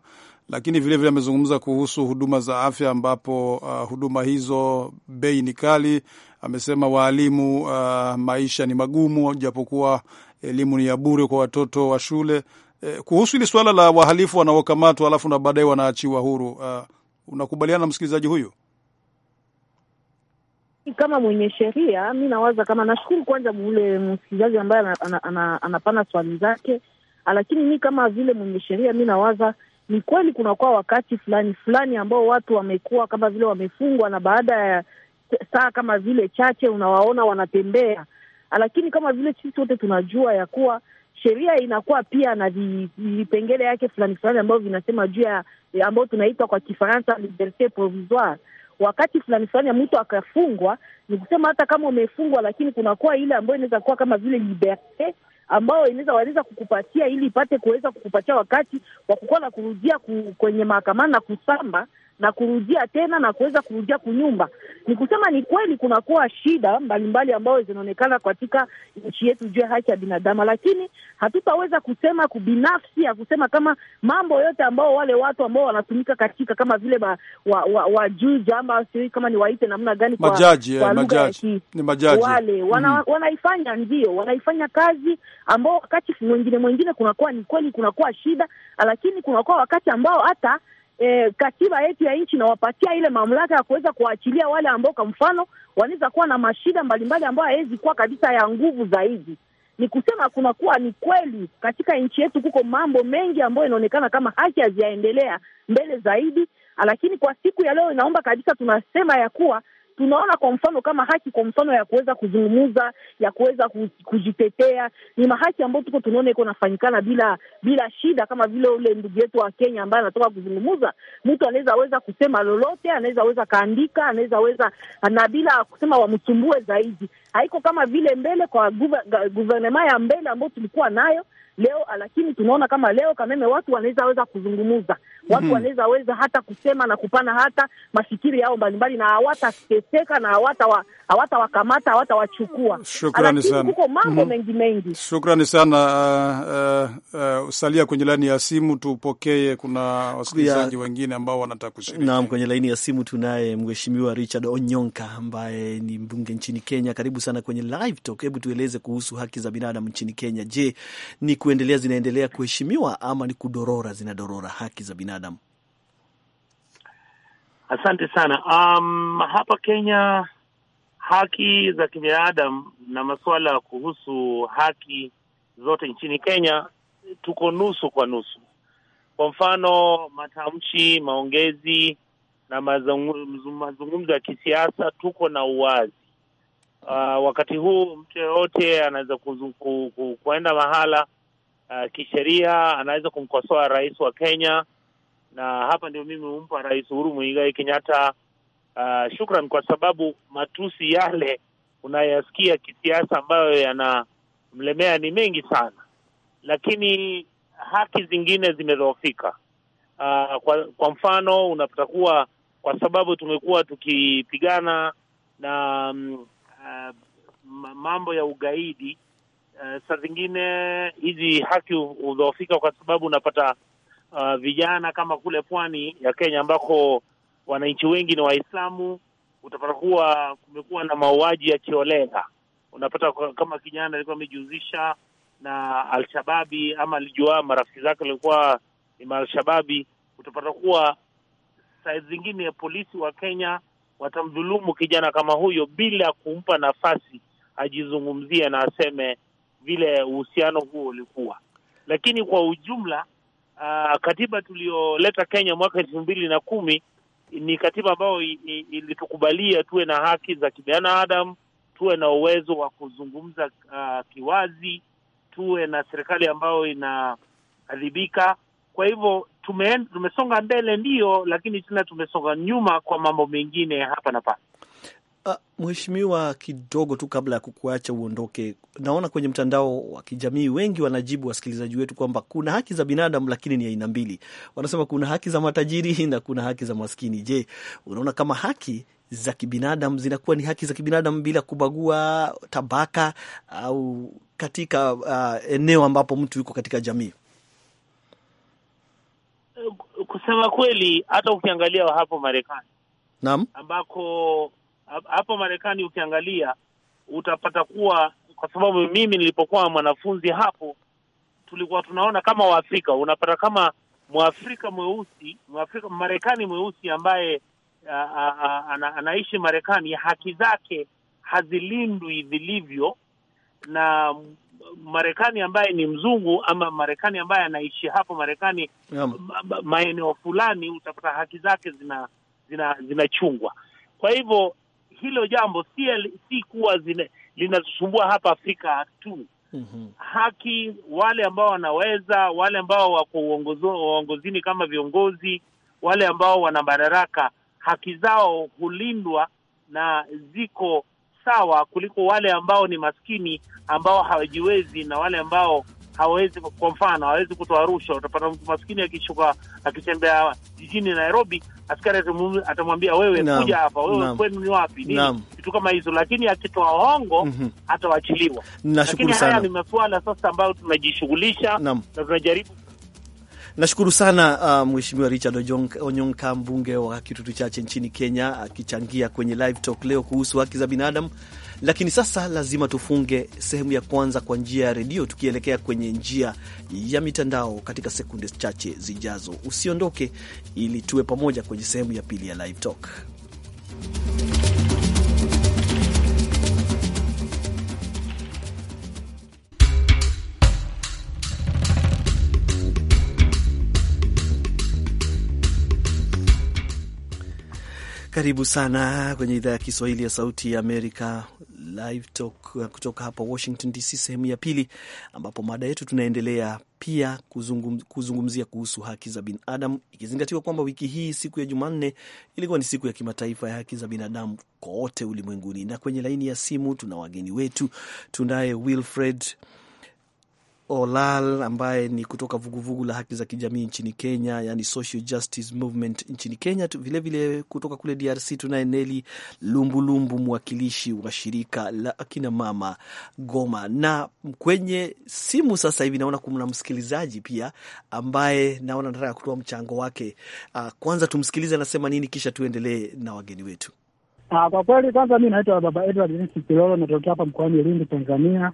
Lakini vilevile amezungumza vile kuhusu huduma za afya ambapo uh, huduma hizo bei ni kali. Amesema waalimu, uh, maisha ni magumu, japokuwa elimu ni ya bure kwa watoto wa shule. Eh, kuhusu hili suala la wahalifu wanaokamatwa alafu na baadaye wanaachiwa huru, uh, unakubaliana na msikilizaji huyu? Kama mwenye sheria, mi nawaza kama, nashukuru kwanza ule msikilizaji ambaye anapana ana, ana, ana swali zake, lakini mi kama vile mwenye sheria, mi nawaza ni kweli kunakuwa wakati fulani fulani ambao watu wamekuwa kama vile wamefungwa, na baada ya saa kama vile chache unawaona wanatembea, lakini kama vile sisi wote tunajua ya kuwa sheria inakuwa pia na vipengele yake fulani fulani ambavyo vinasema juu ya ambayo tunaita kwa Kifaransa liberte provisoire wakati fulani fulani ya mtu akafungwa, ni kusema hata kama umefungwa, lakini kunakuwa ile ambayo inaweza kuwa kama vile liberte ambayo inaweza waweza kukupatia ili ipate kuweza kukupatia wakati wa kukuwa na kurudia kwenye mahakamani na kusamba na kurudia tena na kuweza kurudia kunyumba. Ni kusema ni kweli kunakuwa shida mbalimbali ambayo zinaonekana katika nchi yetu juu ya haki ya binadamu, lakini hatutaweza kusema kubinafsi ya kusema kama mambo yote ambao wale watu ambao wanatumika katika kama vile ba, wa, wa, wajuja ama sijui kama ni waite namna gani kwa, majaji, eh, kwa ni majaji wale mm-hmm. wana, mm wanaifanya ndio wanaifanya kazi ambao wakati mwingine mwingine kunakuwa ni kweli kunakuwa shida, lakini kunakuwa wakati ambao hata eh, katiba yetu ya nchi inawapatia ile mamlaka ya kuweza kuachilia wale ambao kwa mfano wanaweza kuwa na mashida mbalimbali ambayo hawezi kuwa kabisa ya nguvu zaidi. Ni kusema kunakuwa ni kweli katika nchi yetu kuko mambo mengi ambayo inaonekana kama haki haziyaendelea mbele zaidi, lakini kwa siku ya leo inaomba kabisa tunasema ya kuwa tunaona kwa mfano kama haki kwa mfano ya kuweza kuzungumza, ya kuweza kujitetea, ni mahaki ambayo tuko tunaona iko nafanyikana bila bila shida, kama vile ule ndugu yetu wa Kenya ambaye anatoka kuzungumza. Mtu anaweza weza kusema lolote, anaweza weza kaandika, anaweza weza na bila kusema wamsumbue zaidi. Haiko kama vile mbele kwa guvernema ya mbele ambayo tulikuwa nayo leo, lakini tunaona kama leo Kameme watu wanaweza weza kuzungumza watu mm. wanaweza weza hata kusema na kupana hata mafikiri yao mbalimbali, na hawatateseka na hawatawakamata hawatawachukua. Shukrani sana, huko mambo mhm. mengi mengi. Shukrani sana. uh, uh, uh salia kwenye laini ya simu tupokee, kuna wasikilizaji wengine ambao wanataka kushiriki. Naam, kwenye laini ya simu tunaye mheshimiwa Richard Onyonka ambaye ni mbunge nchini Kenya. Karibu sana kwenye live talk. Hebu tueleze kuhusu haki za binadamu nchini Kenya. Je, ni kuendelea zinaendelea kuheshimiwa ama ni kudorora zinadorora haki za binadamu? binadamu? Asante sana. Um, hapa Kenya haki za kibinadamu na masuala kuhusu haki zote nchini Kenya tuko nusu kwa nusu. Kwa mfano, matamshi, maongezi na mazungumzo ya kisiasa tuko na uwazi. Uh, wakati huu mtu yoyote anaweza kuenda mahala uh, kisheria, anaweza kumkosoa rais wa Kenya na hapa ndio mimi humpa Rais Uhuru Muigai Kenyatta uh, shukran kwa sababu matusi yale unayasikia kisiasa ambayo yanamlemea ni mengi sana, lakini haki zingine zimedhoofika. Uh, kwa, kwa mfano unapatakuwa kwa sababu tumekuwa tukipigana na um, uh, mambo ya ugaidi uh, saa zingine hizi haki hudhoofika, kwa sababu unapata uh, vijana kama kule pwani ya Kenya ambako wananchi wengi ni Waislamu, utapata kuwa kumekuwa na mauaji ya kiolela. Unapata kama kijana alikuwa amejihusisha na Alshababi ama alijua marafiki zake walikuwa ni Maalshababi, utapata kuwa saa zingine polisi wa Kenya watamdhulumu kijana kama huyo bila kumpa nafasi ajizungumzie na aseme vile uhusiano huo ulikuwa. Lakini kwa ujumla uh, katiba tuliyoleta Kenya mwaka elfu mbili na kumi ni katiba ambayo ilitukubalia tuwe na haki za kibinadamu, tuwe na uwezo wa kuzungumza uh, kiwazi, tuwe na serikali ambayo inaadhibika. Kwa hivyo tume, tumesonga mbele ndiyo, lakini tena tumesonga nyuma kwa mambo mengine hapa na pale. Uh, mheshimiwa, kidogo tu kabla ya kukuacha uondoke, naona kwenye mtandao wa kijamii wengi wanajibu wasikilizaji wetu kwamba kuna haki za binadamu lakini ni aina mbili. Wanasema kuna haki za matajiri na kuna haki za maskini. Je, unaona kama haki za kibinadamu zinakuwa ni haki za kibinadamu bila kubagua tabaka au katika uh, eneo ambapo mtu yuko katika jamii? Eh, kusema kweli, hata ukiangalia hapo Marekani, naam, ambako hapo Marekani ukiangalia utapata kuwa, kwa sababu mimi nilipokuwa mwanafunzi hapo tulikuwa tunaona kama Waafrika, unapata kama Mwafrika mweusi, Mwafrika Marekani mweusi ambaye a, a, a, ana, anaishi Marekani, haki zake hazilindwi vilivyo na Marekani ambaye ni mzungu ama Marekani ambaye anaishi hapo Marekani maeneo fulani, utapata haki zake zina zinachungwa. Zina kwa hivyo hilo jambo si, si kuwa linasumbua hapa Afrika tu mm-hmm. Haki wale ambao wanaweza, wale ambao wako uongozini kama viongozi, wale ambao wana madaraka, haki zao hulindwa na ziko sawa kuliko wale ambao ni maskini ambao hawajiwezi na wale ambao hawezi, kwa mfano hawezi kutoa rushwa. Utapata mtu maskini akishuka akitembea jijini Nairobi, askari atamwambia wewe, naam, kuja hapa wewe, kwenu ni wapi ni vitu kama hizo, lakini akitoa hongo mm -hmm. atawachiliwa. Lakini haya ni masuala sasa ambayo tunajishughulisha na tunajaribu Nashukuru sana uh, Mheshimiwa Richard Onyonka, mbunge wa Kitutu Chache nchini Kenya, akichangia kwenye live talk leo kuhusu haki za binadamu. Lakini sasa lazima tufunge sehemu ya kwanza kwa njia ya redio, tukielekea kwenye njia ya mitandao katika sekunde chache zijazo. Usiondoke ili tuwe pamoja kwenye sehemu ya pili ya live talk. Karibu sana kwenye idhaa ya Kiswahili ya Sauti ya Amerika, Live Talk uh, kutoka hapa Washington DC, sehemu ya pili, ambapo mada yetu tunaendelea pia kuzungum, kuzungumzia kuhusu haki za binadamu, ikizingatiwa kwamba wiki hii siku ya Jumanne ilikuwa ni siku ya kimataifa ya haki za binadamu kote ulimwenguni. Na kwenye laini ya simu tuna wageni wetu, tunaye Wilfred Olal ambaye ni kutoka vuguvugu vugu la haki za kijamii nchini Kenya, yani Social Justice Movement nchini Kenya. Vilevile vile kutoka kule DRC tunaye Neli Lumbulumbu, mwakilishi wa shirika la akina mama Goma. Na kwenye simu sasa hivi naona kuna msikilizaji pia ambaye naona nataka kutoa mchango wake. Ah, kwanza tumsikilize anasema nini, kisha tuendelee na wageni wetu. Ah, kwa kweli, kwanza mi naitwa Baba Edward Kilolo, natokea hapa mkoani Lindi, Tanzania.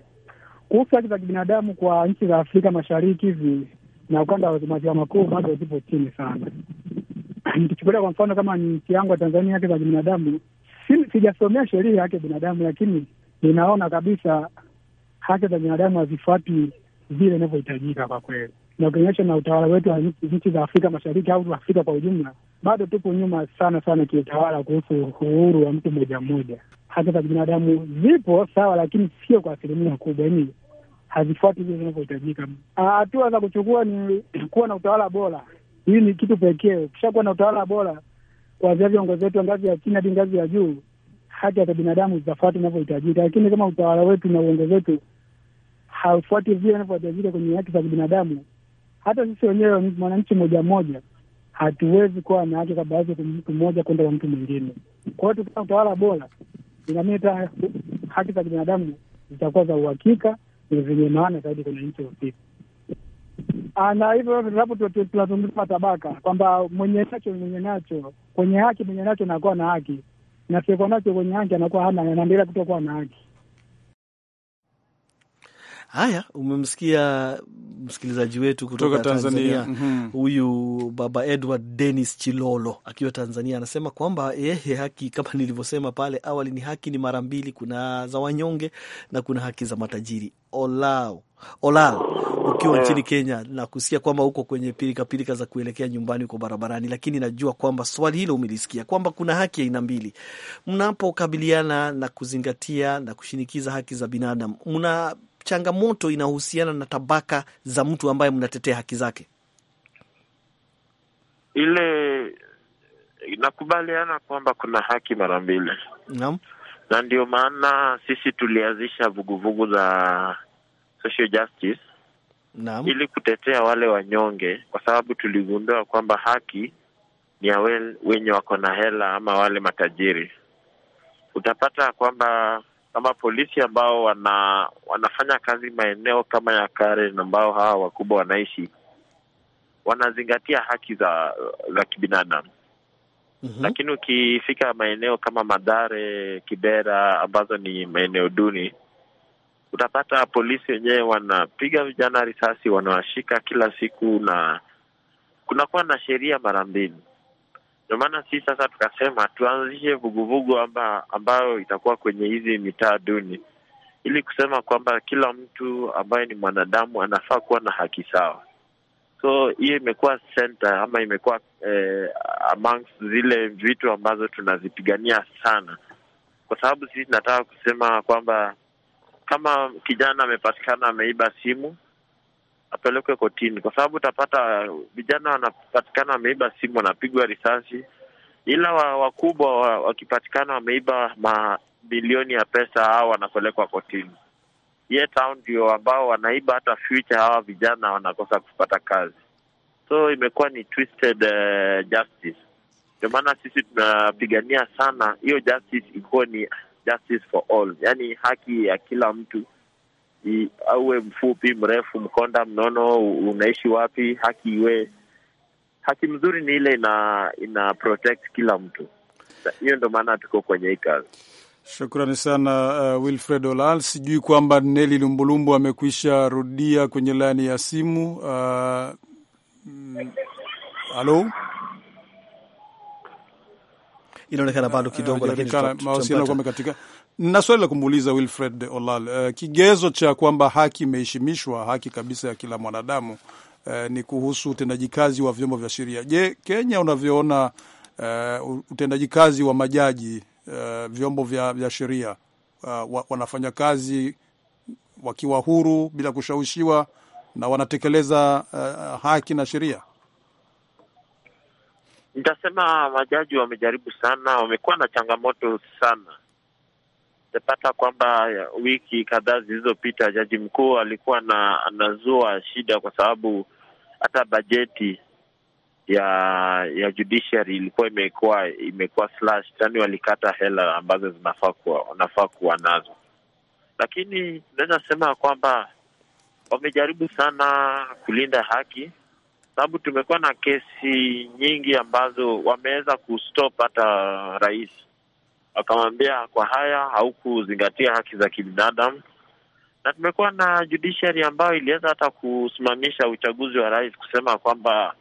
Kuhusu haki za kibinadamu kwa nchi za Afrika Mashariki hivi na ukanda wa maziwa makuu bado zipo chini sana. Nikichukulia kwa mfano kama nchi yangu ya Tanzania, haki za kibinadamu, sijasomea sheria ya haki binadamu, lakini ninaona kabisa haki za binadamu hazifuati vile inavyohitajika kwa kweli, na ukionyesha na utawala wetu wa nchi za Afrika Mashariki au Afrika kwa ujumla, bado tupo nyuma sana sana kiutawala, kuhusu uhuru wa mtu mmoja mmoja haki za binadamu zipo sawa, lakini sio kwa asilimia kubwa, yaani hazifuati vile zinavyohitajika. Ah, hatua za kuchukua ni kuwa na utawala bora. Hii ni kitu pekee. Ukishakuwa na utawala bora kuanzia viongozi wetu wa ngazi ya chini hadi ngazi ya juu, haki za binadamu zitafuata inavyohitajika. Lakini kama utawala wetu na uongozi wetu haufuati vile inavyohitajika kwenye haki za kibinadamu, hata sisi wenyewe mwananchi moja moja hatuwezi kuwa na haki kabla ya mtu mmoja kwenda kwa mtu mwingine. Kwa hiyo tukiwa na utawala bora zinameta haki za binadamu zitakuwa za uhakika na zenye maana zaidi kwenye nchi husika. Ah, na hivyo hapo tunazungumza tabaka kwamba mwenye nacho mwenye nacho kwenye haki, mwenye nacho anakuwa na haki, na siyekuwa nacho kwenye haki anakuwa hana, anaendelea kutokuwa na haki. Haya, umemsikia msikilizaji wetu kutoka Tanzania mhm. huyu mm -hmm. Baba Edward Dennis Chilolo akiwa Tanzania anasema kwamba yeye haki kama nilivyosema pale awali ni haki ni mara mbili, kuna za wanyonge na kuna haki za matajiri. Olao Olal ukiwa yeah, nchini Kenya na kusikia kwamba uko kwenye pilika pilika za kuelekea nyumbani, uko barabarani, lakini najua kwamba swali hilo umelisikia kwamba kuna haki aina mbili. Mnapokabiliana na kuzingatia na kushinikiza haki za binadamu, mna changamoto inahusiana na tabaka za mtu ambaye mnatetea haki zake? Ile inakubaliana kwamba kuna haki mara mbili. Naam, na ndio maana sisi tulianzisha vuguvugu za social justice Naam. ili kutetea wale wanyonge, kwa sababu tuligundua kwamba haki ni ya wenye wako na hela ama wale matajiri. Utapata kwamba kama polisi ambao wana, wanafanya kazi maeneo kama ya Karen ambao hawa wakubwa wanaishi wanazingatia haki za za kibinadamu. Mm -hmm. Lakini ukifika maeneo kama Madhare, Kibera ambazo ni maeneo duni, utapata polisi wenyewe wanapiga vijana risasi, wanawashika kila siku, na kunakuwa na sheria mara mbili. Ndio maana sisi sasa tukasema tuanzishe vuguvugu amba, ambayo itakuwa kwenye hizi mitaa duni, ili kusema kwamba kila mtu ambaye ni mwanadamu anafaa kuwa na haki sawa. So hiyo imekuwa center ama imekuwa eh, amongst zile vitu ambazo tunazipigania sana, kwa sababu sisi tunataka kusema kwamba kama kijana amepatikana ameiba simu apelekwe kotini, kwa sababu utapata vijana wanapatikana wameiba simu, wanapigwa risasi, ila wakubwa wa, wakipatikana wameiba mamilioni ya pesa, au wanapelekwa kotini. Yet hao ndio ambao wanaiba hata future, hawa vijana wanakosa kupata kazi, so imekuwa ni twisted uh, justice. Ndio maana sisi tunapigania sana hiyo justice ni justice for all, yaani, haki ya kila mtu auwe awe mfupi, mrefu, mkonda, mnono, unaishi wapi, haki iwe haki. Mzuri ni ile ina, ina protect kila mtu. Hiyo ndo maana tuko kwenye hii kazi. Shukrani sana uh, Wilfred Olal. Sijui kwamba Neli Lumbulumbu amekwisha rudia kwenye laini ya simu. Uh, mm, inaonekana bado kidogo, uh, lakini mawasiliano yamekatika na swali la kumuuliza Wilfred Olal, uh, kigezo cha kwamba haki imeheshimishwa, haki kabisa ya kila mwanadamu uh, ni kuhusu utendaji kazi wa vyombo vya sheria. Je, Kenya unavyoona uh, utendaji kazi wa majaji uh, vyombo vya, vya sheria uh, wanafanya kazi wakiwa huru bila kushawishiwa na wanatekeleza uh, haki na sheria? Nitasema majaji wamejaribu sana, wamekuwa na changamoto sana tapata kwamba wiki kadhaa zilizopita jaji mkuu alikuwa na, anazua shida kwa sababu hata bajeti ya ya judiciary ilikuwa imekuwa imekuwa slash, yani walikata hela ambazo zinafaa kuwa wanafaa kuwa nazo, lakini tunaweza sema kwamba wamejaribu sana kulinda haki, sababu tumekuwa na kesi nyingi ambazo wameweza kustop hata rais wakamwambia kwa haya haukuzingatia haki za kibinadamu, na tumekuwa na judiciary ambayo iliweza hata kusimamisha uchaguzi wa rais kusema kwamba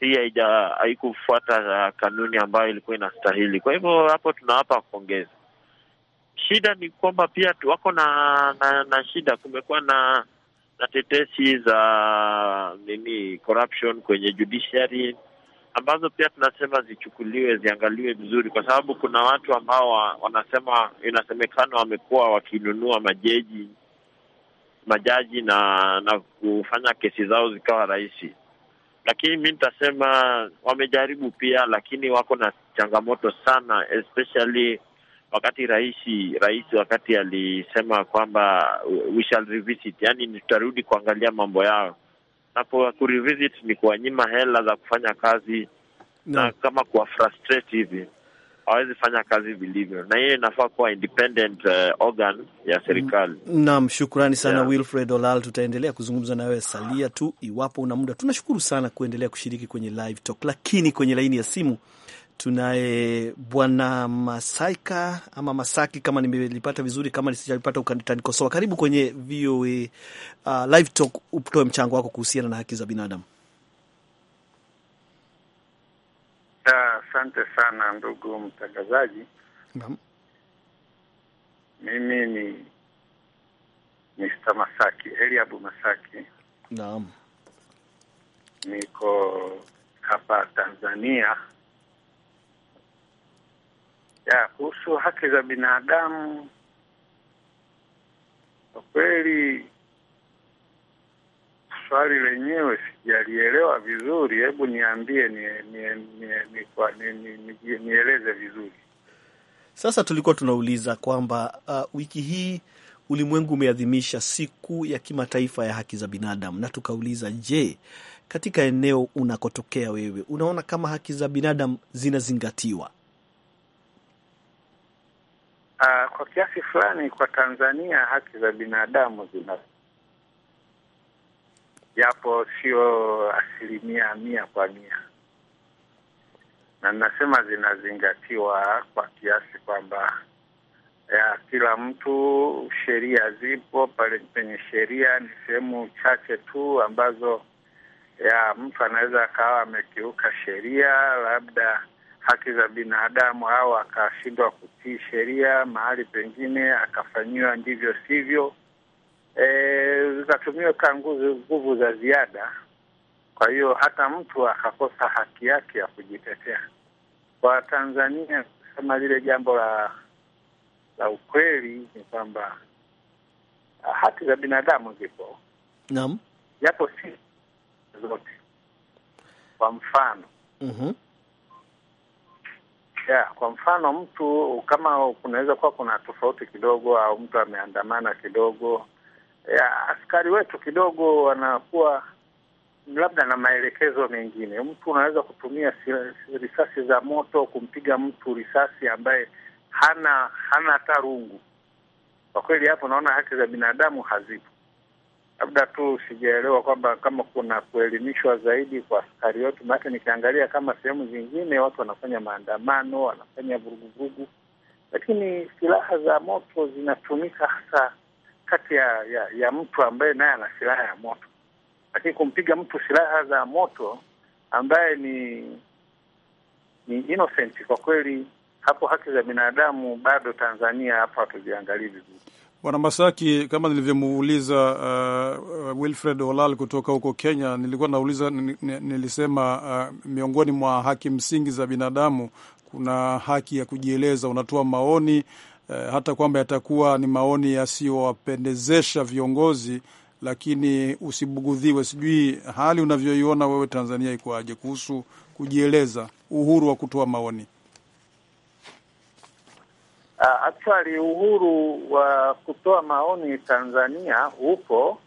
hii haija haikufuata kanuni ambayo ilikuwa inastahili. Kwa hivyo hapo tunawapa pongezi. Shida ni kwamba pia wako na, na na shida. Kumekuwa na na tetesi za nini corruption kwenye judiciary ambazo pia tunasema zichukuliwe, ziangaliwe vizuri, kwa sababu kuna watu ambao wanasema, inasemekana wamekuwa wakinunua majeji majaji na na kufanya kesi zao zikawa rahisi, lakini mi nitasema wamejaribu pia, lakini wako na changamoto sana, especially wakati raisi rais wakati alisema kwamba we shall revisit, yani tutarudi kuangalia mambo yao na kwa kurevisit ni kuwanyima hela za kufanya kazi no. na kama kuwa frustrate hivi hawezi fanya kazi vilivyo, na hiyo inafaa kuwa independent uh, organ ya serikali. Naam, shukrani sana yeah. Wilfred Olal, tutaendelea kuzungumza na wewe salia tu iwapo una muda. Tunashukuru sana kuendelea kushiriki kwenye live talk, lakini kwenye laini ya simu tunaye Bwana Masaika ama Masaki, kama nimelipata vizuri, kama nisijalipata utanikosoa. Karibu kwenye VOA uh, Live Talk, utoe mchango wako kuhusiana na haki za binadamu. Asante sana ndugu mtangazaji. Naam, mimi ni Mr. Masaki Eliabu Masaki. Naam, niko hapa Tanzania ya kuhusu haki za binadamu kwa kweli swali lenyewe sijalielewa vizuri. Hebu niambie, nieleze vizuri. Sasa tulikuwa tunauliza kwamba uh, wiki hii ulimwengu umeadhimisha siku ya kimataifa ya haki za binadamu, na tukauliza, je, katika eneo unakotokea wewe unaona kama haki za binadamu zinazingatiwa? uh, kwa kiasi fulani kwa Tanzania haki za binadamu zina japo sio asilimia mia kwa mia, na ninasema zinazingatiwa kwa kiasi kwamba ya kila mtu, sheria zipo pale. Penye sheria ni sehemu chache tu ambazo ya mtu anaweza akawa amekiuka sheria labda haki za binadamu au akashindwa kutii sheria mahali pengine, akafanyiwa ndivyo sivyo, e, zikatumiwa e, nguvu za ziada. Kwa hiyo hata mtu akakosa haki yake ya kujitetea. Kwa Tanzania kusema lile jambo la la ukweli ni kwamba ah, haki za binadamu zipo, naam, yapo si zote. Kwa mfano mm -hmm yeah, kwa mfano mtu kama kunaweza kuwa kuna tofauti kidogo au mtu ameandamana kidogo, yeah, askari wetu kidogo wanakuwa labda na maelekezo mengine. Mtu unaweza kutumia risasi za moto kumpiga mtu risasi ambaye hana hana hata rungu. Kwa kweli hapo naona haki za binadamu hazipo labda tu sijaelewa kwamba kama kuna kuelimishwa zaidi kwa askari wetu, maanake nikiangalia kama sehemu zingine watu wanafanya maandamano, wanafanya vuruguvurugu, lakini silaha za moto zinatumika hasa kati ya, ya, ya mtu ambaye naye ana silaha ya moto, lakini kumpiga mtu silaha za moto ambaye ni ni innocent, kwa kweli hapo haki za binadamu bado Tanzania hapo hatujiangalii vizuri. Bwana Masaki, kama nilivyomuuliza uh, uh, Wilfred Olal kutoka huko Kenya, nilikuwa nauliza, nilisema uh, miongoni mwa haki msingi za binadamu kuna haki ya kujieleza, unatoa maoni uh, hata kwamba yatakuwa ni maoni yasiyowapendezesha viongozi, lakini usibugudhiwe. Sijui hali unavyoiona wewe Tanzania ikoaje kuhusu kujieleza, uhuru wa kutoa maoni? uh, actually uhuru wa kutoa maoni Tanzania upo,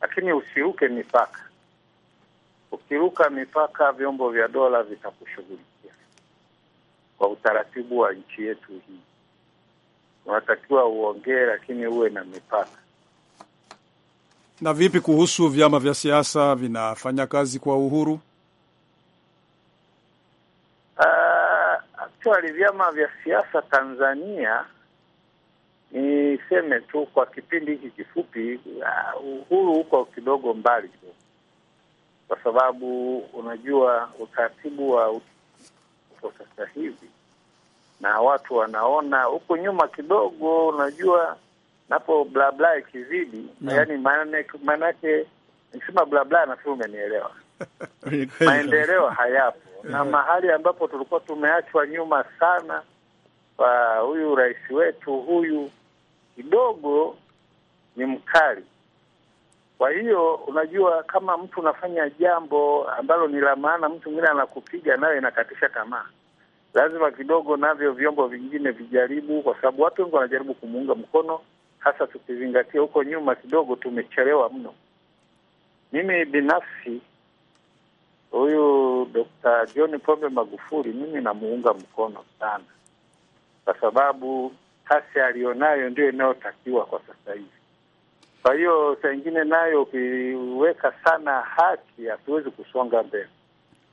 lakini usiruke mipaka. Ukiruka mipaka, vyombo vya dola vitakushughulikia kwa utaratibu wa nchi yetu hii. Unatakiwa uongee, lakini uwe na mipaka. Na vipi kuhusu vyama vya siasa, vinafanya kazi kwa uhuru? Actually vyama vya siasa Tanzania, niseme tu kwa kipindi hiki kifupi, uh, uhuru huko kidogo mbali kidogo, kwa sababu unajua utaratibu wa uko sasa hivi na watu wanaona huko nyuma kidogo, unajua napo blabla ikizidi no. Yani maanake nikisema blabla nafikiri umenielewa maendeleo hayapo na eh. mahali ambapo tulikuwa tumeachwa nyuma sana kwa huyu rais wetu huyu, kidogo ni mkali. Kwa hiyo unajua, kama mtu unafanya jambo ambalo ni la maana, mtu mwingine anakupiga nayo inakatisha tamaa. Lazima kidogo navyo vyombo vingine vijaribu, kwa sababu watu wengi wanajaribu kumuunga mkono, hasa tukizingatia huko nyuma kidogo tumechelewa mno. Mimi binafsi huyu Dkt. John Pombe Magufuli mimi namuunga mkono sana, kwa sababu kasi aliyonayo ndio inayotakiwa kwa sasa hivi. Kwa hiyo saa ingine nayo ukiweka sana haki, hatuwezi kusonga mbele,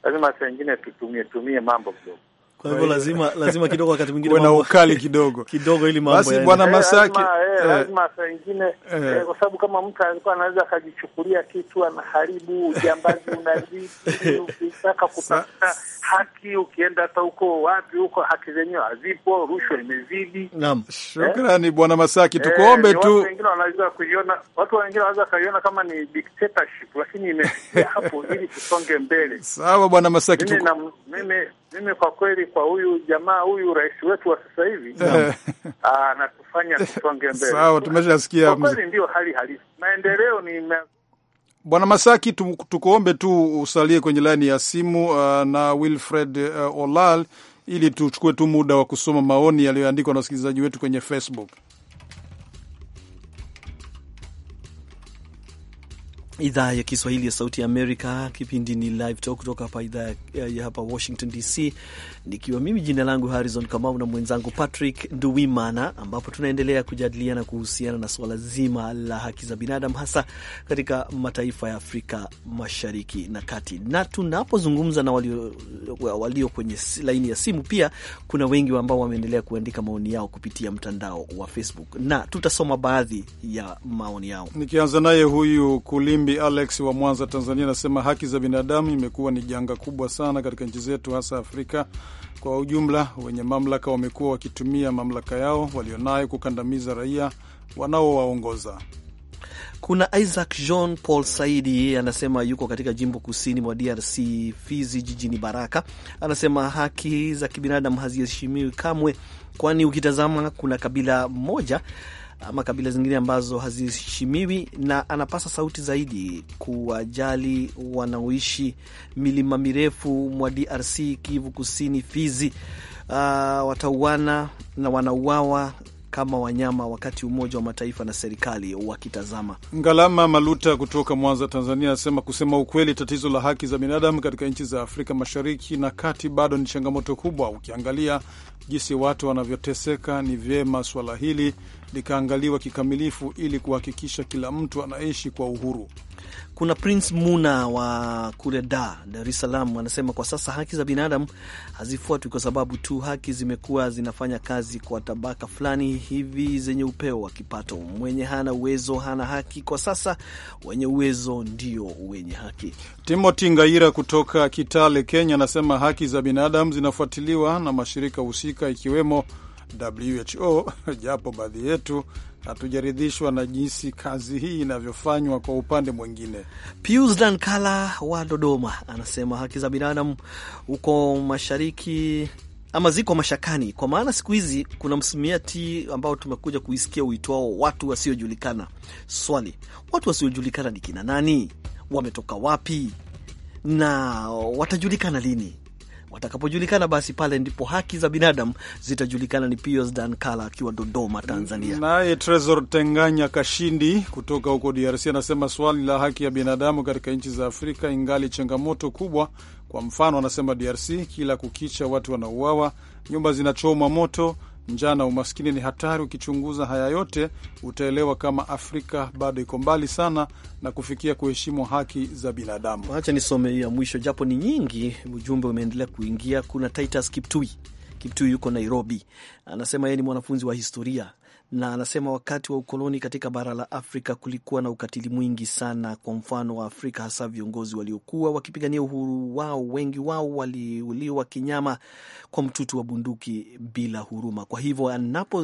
lazima saa ingine tutumie tumie mambo kidogo. Kwa hivyo lazima lazima kidogo wakati mwingine wana ukali kidogo kidogo, ili mambo basi, bwana eh, Masaki, lazima eh, eh. saa nyingine, kwa sababu kama mtu alikuwa anaweza akajichukulia kitu anaharibu jambazi, unazidi ukitaka kupata haki, ukienda hata huko wapi huko, haki zenyewe hazipo, rushwa imezidi. Naam, shukrani bwana Masaki, tukuombe tu. Watu wengine wanaweza kuiona, watu wengine wanaweza kuiona kama ni dictatorship, lakini imefikia hapo ili tusonge mbele. Sawa bwana Masaki, mimi mimi kwa kweli, kwa huyu jamaa huyu rais wetu wa sasa hivi anatufanya tusonge mbele. Sawa, tumeshasikia kwa kweli, ndio hali halisi, maendeleo ni me... Bwana Masaki, tukuombe tu usalie kwenye laini ya simu uh, na Wilfred uh, Olal ili tuchukue tu muda wa kusoma maoni yaliyoandikwa na wasikilizaji wetu kwenye Facebook. idhaa ya Kiswahili ya Sauti ya Amerika. Kipindi ni Live Talk kutoka hapa idhaa ya hapa Washington DC, nikiwa mimi jina langu Harrison Kamau na mwenzangu Patrick Nduwimana, ambapo tunaendelea kujadiliana kuhusiana na suala zima la haki za binadamu, hasa katika mataifa ya Afrika Mashariki na Kati. Na tunapozungumza na walio, walio kwenye laini ya simu, pia kuna wengi ambao wameendelea kuandika maoni yao kupitia mtandao wa Facebook na tutasoma baadhi ya maoni yao, nikianza naye huyu Kulimbi Mwimbi Alex wa Mwanza, Tanzania, anasema haki za binadamu imekuwa ni janga kubwa sana katika nchi zetu, hasa Afrika kwa ujumla. Wenye mamlaka wamekuwa wakitumia mamlaka yao walionayo kukandamiza raia wanaowaongoza. Kuna Isaac Jean Paul Saidi, yeye anasema yuko katika jimbo kusini mwa DRC, Fizi jijini Baraka. Anasema haki za kibinadamu haziheshimiwi kamwe, kwani ukitazama kuna kabila moja ama kabila zingine ambazo haziheshimiwi, na anapasa sauti zaidi kuwajali wanaoishi milima mirefu mwa DRC, Kivu Kusini, Fizi. Uh, watauana na wanauawa kama wanyama, wakati Umoja wa Mataifa na serikali wakitazama. Ngalama Maluta kutoka Mwanza, Tanzania, anasema kusema ukweli, tatizo la haki za binadamu katika nchi za Afrika Mashariki na Kati bado ni changamoto kubwa. Ukiangalia jinsi watu wanavyoteseka, ni vyema swala hili likaangaliwa kikamilifu ili kuhakikisha kila mtu anaishi kwa uhuru. Kuna Prince Muna wa kule da Dar es Salaam anasema kwa sasa haki za binadamu hazifuatwi kwa sababu tu haki zimekuwa zinafanya kazi kwa tabaka fulani hivi zenye upeo wa kipato. Mwenye hana uwezo hana haki kwa sasa, wenye uwezo ndio wenye haki. Timothy Ngaira kutoka Kitale, Kenya anasema haki za binadamu zinafuatiliwa na mashirika husika ushirika ikiwemo WHO, japo baadhi yetu hatujaridhishwa na jinsi kazi hii inavyofanywa. Kwa upande mwingine, Pius Dankala wa Dodoma anasema haki za binadamu huko mashariki ama ziko mashakani, kwa maana siku hizi kuna msimiati ambao tumekuja kuisikia uitwao watu wasiojulikana. Swali, watu wasiojulikana ni kina nani? Wametoka wapi na watajulikana lini? watakapojulikana basi pale ndipo haki za binadamu zitajulikana. Ni Pius Dan Kala akiwa Dodoma, Tanzania. Naye Tresor Tenganya Kashindi kutoka huko DRC anasema swali la haki ya binadamu katika nchi za Afrika ingali changamoto kubwa. Kwa mfano, anasema DRC kila kukicha watu wanauawa, nyumba zinachomwa moto njaa na umaskini ni hatari. Ukichunguza haya yote, utaelewa kama Afrika bado iko mbali sana na kufikia kuheshimu haki za binadamu. Acha nisome hii ya mwisho, japo ni nyingi. Ujumbe umeendelea kuingia. Kuna Titus Kiptui Kiptui yuko Nairobi, anasema yeye ni mwanafunzi wa historia na anasema wakati wa ukoloni katika bara la Afrika kulikuwa na ukatili mwingi sana. Kwa mfano wa Afrika, hasa viongozi waliokuwa wakipigania uhuru wao, wengi wao waliuliwa kinyama kwa mtutu wa bunduki bila huruma. Kwa hivyo anapo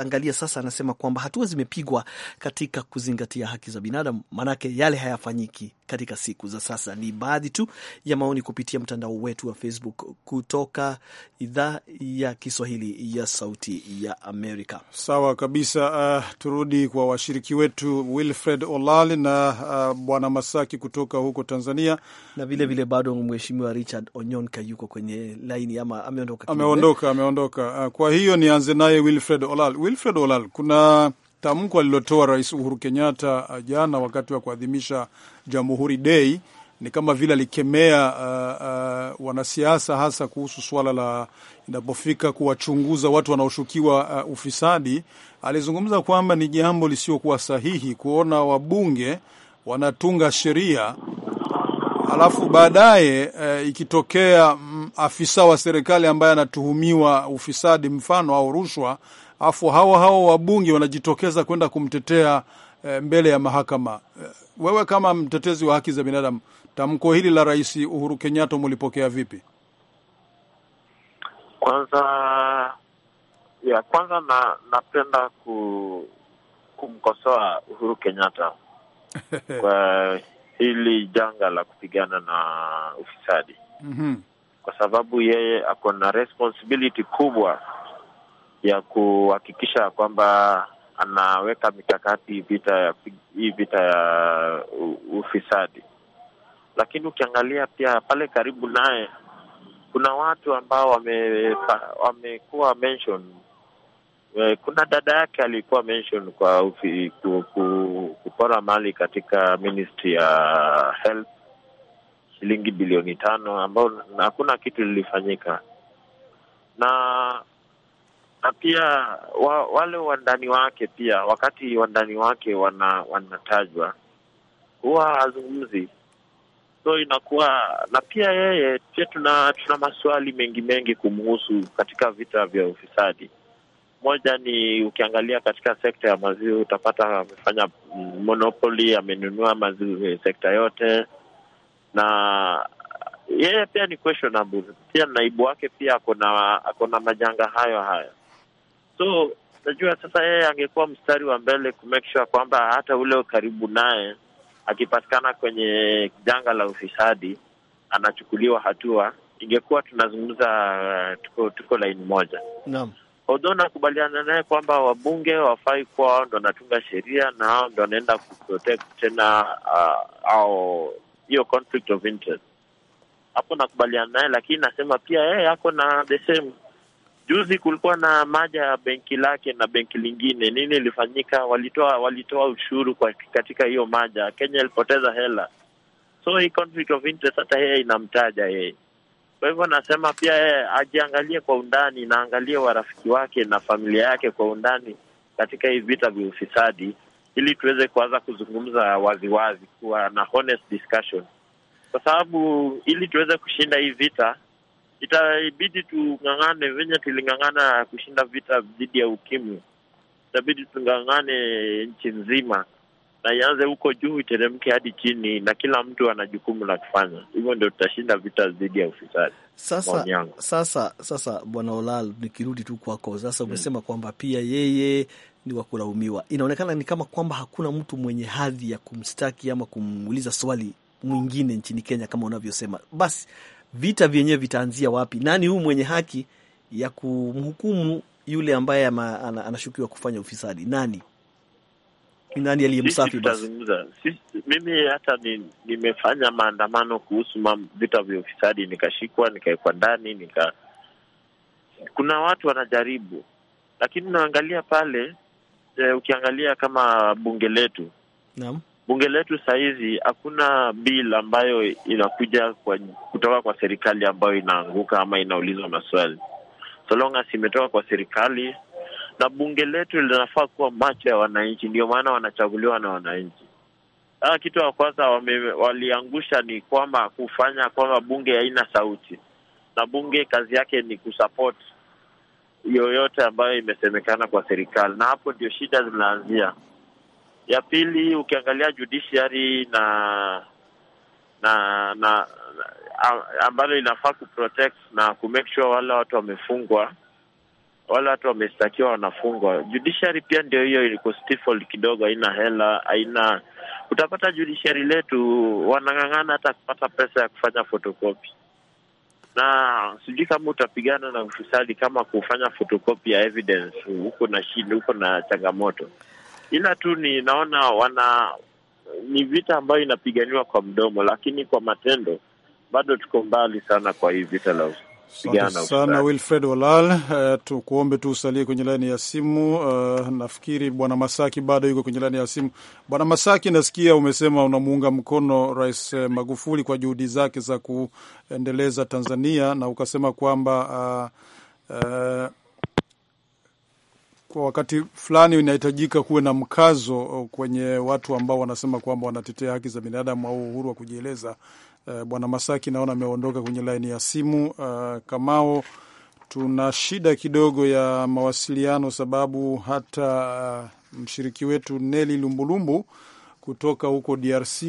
angalia sasa, anasema kwamba hatua zimepigwa katika kuzingatia haki za binadamu, maanake yale hayafanyiki katika siku za sasa. Ni baadhi tu ya maoni kupitia mtandao wetu wa Facebook kutoka idhaa ya Kiswahili ya Sauti ya Amerika. Sawa kabisa. Uh, turudi kwa washiriki wetu Wilfred Olal na uh, Bwana Masaki kutoka huko Tanzania, na vilevile bado Mheshimiwa Richard Onyonka yuko kwenye laini ama ameondoka, ameondoka, ameondoka. Uh, kwa hiyo nianze naye Wilfred Olal. Olal, Wilfred Olal, kuna tamko alilotoa Rais Uhuru Kenyatta uh, jana wakati wa kuadhimisha Jamhuri Day ni kama vile alikemea uh, uh, wanasiasa hasa kuhusu suala la inapofika kuwachunguza watu wanaoshukiwa uh, ufisadi. Alizungumza kwamba ni jambo lisiokuwa sahihi kuona wabunge wanatunga sheria alafu baadaye uh, ikitokea mm, afisa wa serikali ambaye anatuhumiwa ufisadi mfano au rushwa afu hawa hawa wabunge wanajitokeza kwenda kumtetea e, mbele ya mahakama. E, wewe kama mtetezi wa haki za binadamu, tamko hili la Rais Uhuru Kenyatta mulipokea vipi? Kwanza ya kwanza na, napenda ku, kumkosoa Uhuru Kenyatta kwa hili janga la kupigana na ufisadi mm -hmm. Kwa sababu yeye ako na responsibility kubwa ya kuhakikisha kwamba anaweka mikakati vita ya hii vita ya ufisadi. Lakini ukiangalia pia pale karibu naye kuna watu ambao wame, wamekuwa mention. Eh, kuna dada yake alikuwa mention kwa ufi, ku, ku, kupora mali katika ministry ya health shilingi bilioni tano, ambao hakuna kitu lilifanyika na na pia wa, wale wandani wake pia, wakati wandani wake wana, wanatajwa huwa hazungumzi, so inakuwa na pia yeye pia, tuna tuna maswali mengi mengi kumhusu katika vita vya ufisadi. Moja ni ukiangalia katika sekta ya maziwa utapata amefanya monopoli, amenunua maziwa eh, sekta yote, na yeye pia ni questionable. Pia naibu wake pia akona majanga hayo hayo so najua sasa, yeye angekuwa mstari wa mbele ku make sure kwamba hata ule karibu naye akipatikana kwenye janga la ufisadi anachukuliwa hatua, ingekuwa tunazungumza uh, tuko, tuko laini moja. Naam, although nakubaliana naye kwamba wabunge wafai kuwa wao ndo wanatunga sheria na hao ndo wanaenda kuprotect tena uh, au hiyo conflict of interest, hapo nakubaliana naye, lakini nasema pia yeye ako na the same Juzi kulikuwa na maja ya benki lake na benki lingine, nini ilifanyika? Walitoa walitoa ushuru kwa katika hiyo maja, Kenya ilipoteza hela. So hii conflict of interest hata yeye inamtaja yeye. Kwa hivyo nasema pia yeye ajiangalie kwa undani na angalie warafiki wake na familia yake kwa undani katika hii vita vya ufisadi, ili tuweze kuanza kuzungumza waziwazi kuwa na honest discussion, kwa sababu ili tuweze kushinda hii vita itabidi tung'ang'ane venye tuling'ang'ana kushinda vita dhidi ya ukimwi. Itabidi tung'ang'ane nchi nzima, na ianze huko juu iteremke hadi chini, na kila mtu ana jukumu la kufanya hivyo. Ndio tutashinda vita dhidi ya ufisadi. Sasa sasa sasa, Bwana Olal, nikirudi tu kwako sasa, hmm. umesema hmm, kwamba pia yeye ni wa kulaumiwa. Inaonekana ni kama kwamba hakuna mtu mwenye hadhi ya kumstaki ama kumuuliza swali mwingine nchini Kenya kama unavyosema. Basi vita vyenyewe vitaanzia wapi? Nani huyu mwenye haki ya kumhukumu yule ambaye ama, ana, anashukiwa kufanya ufisadi? Nani nani aliye msafi? Basi mimi hata nimefanya ni maandamano kuhusu vita vya ufisadi, nikashikwa nikawekwa ndani nika... kuna watu wanajaribu, lakini unaangalia pale e, ukiangalia kama bunge letu naam bunge letu sahizi hakuna bill ambayo inakuja kwa, kutoka kwa serikali ambayo inaanguka ama inaulizwa maswali solonga imetoka kwa serikali, na bunge letu linafaa kuwa macho ya wananchi, ndio maana wanachaguliwa na wananchi. aa kitu ya kwanza waliangusha ni kwamba kufanya kwamba bunge haina sauti, na bunge kazi yake ni kusupport yoyote ambayo imesemekana kwa serikali, na hapo ndio shida zinaanzia. Ya pili, ukiangalia judiciary na na na ambalo inafaa kuprotect na kumake sure wale watu wamefungwa, wale watu wameshtakiwa wanafungwa. Judiciary pia ndio hiyo, iliko stifled kidogo, haina hela, haina. Utapata judiciary letu wanang'ang'ana hata kupata pesa ya kufanya photocopy, na sijui kama utapigana na ufisadi kama kufanya photocopy ya evidence. Huko na shida, huko na changamoto ila tu ninaona naona wana ni vita ambayo inapiganiwa kwa mdomo, lakini kwa matendo bado tuko mbali sana kwa hii vita la Asante sana Wilfred Walal. Uh, eh, tukuombe tu usalie kwenye laini ya simu. Uh, nafikiri bwana Masaki bado yuko kwenye laini ya simu. Bwana Masaki, nasikia umesema unamuunga mkono Rais eh, Magufuli kwa juhudi zake za kuendeleza Tanzania na ukasema kwamba uh, uh, kwa wakati fulani inahitajika kuwe na mkazo uh, kwenye watu ambao wanasema kwamba wanatetea haki za binadamu au uhuru wa kujieleza. Uh, Bwana Masaki naona ameondoka kwenye laini ya simu. Uh, Kamao, tuna shida kidogo ya mawasiliano sababu hata mshiriki wetu Neli Lumbulumbu kutoka huko DRC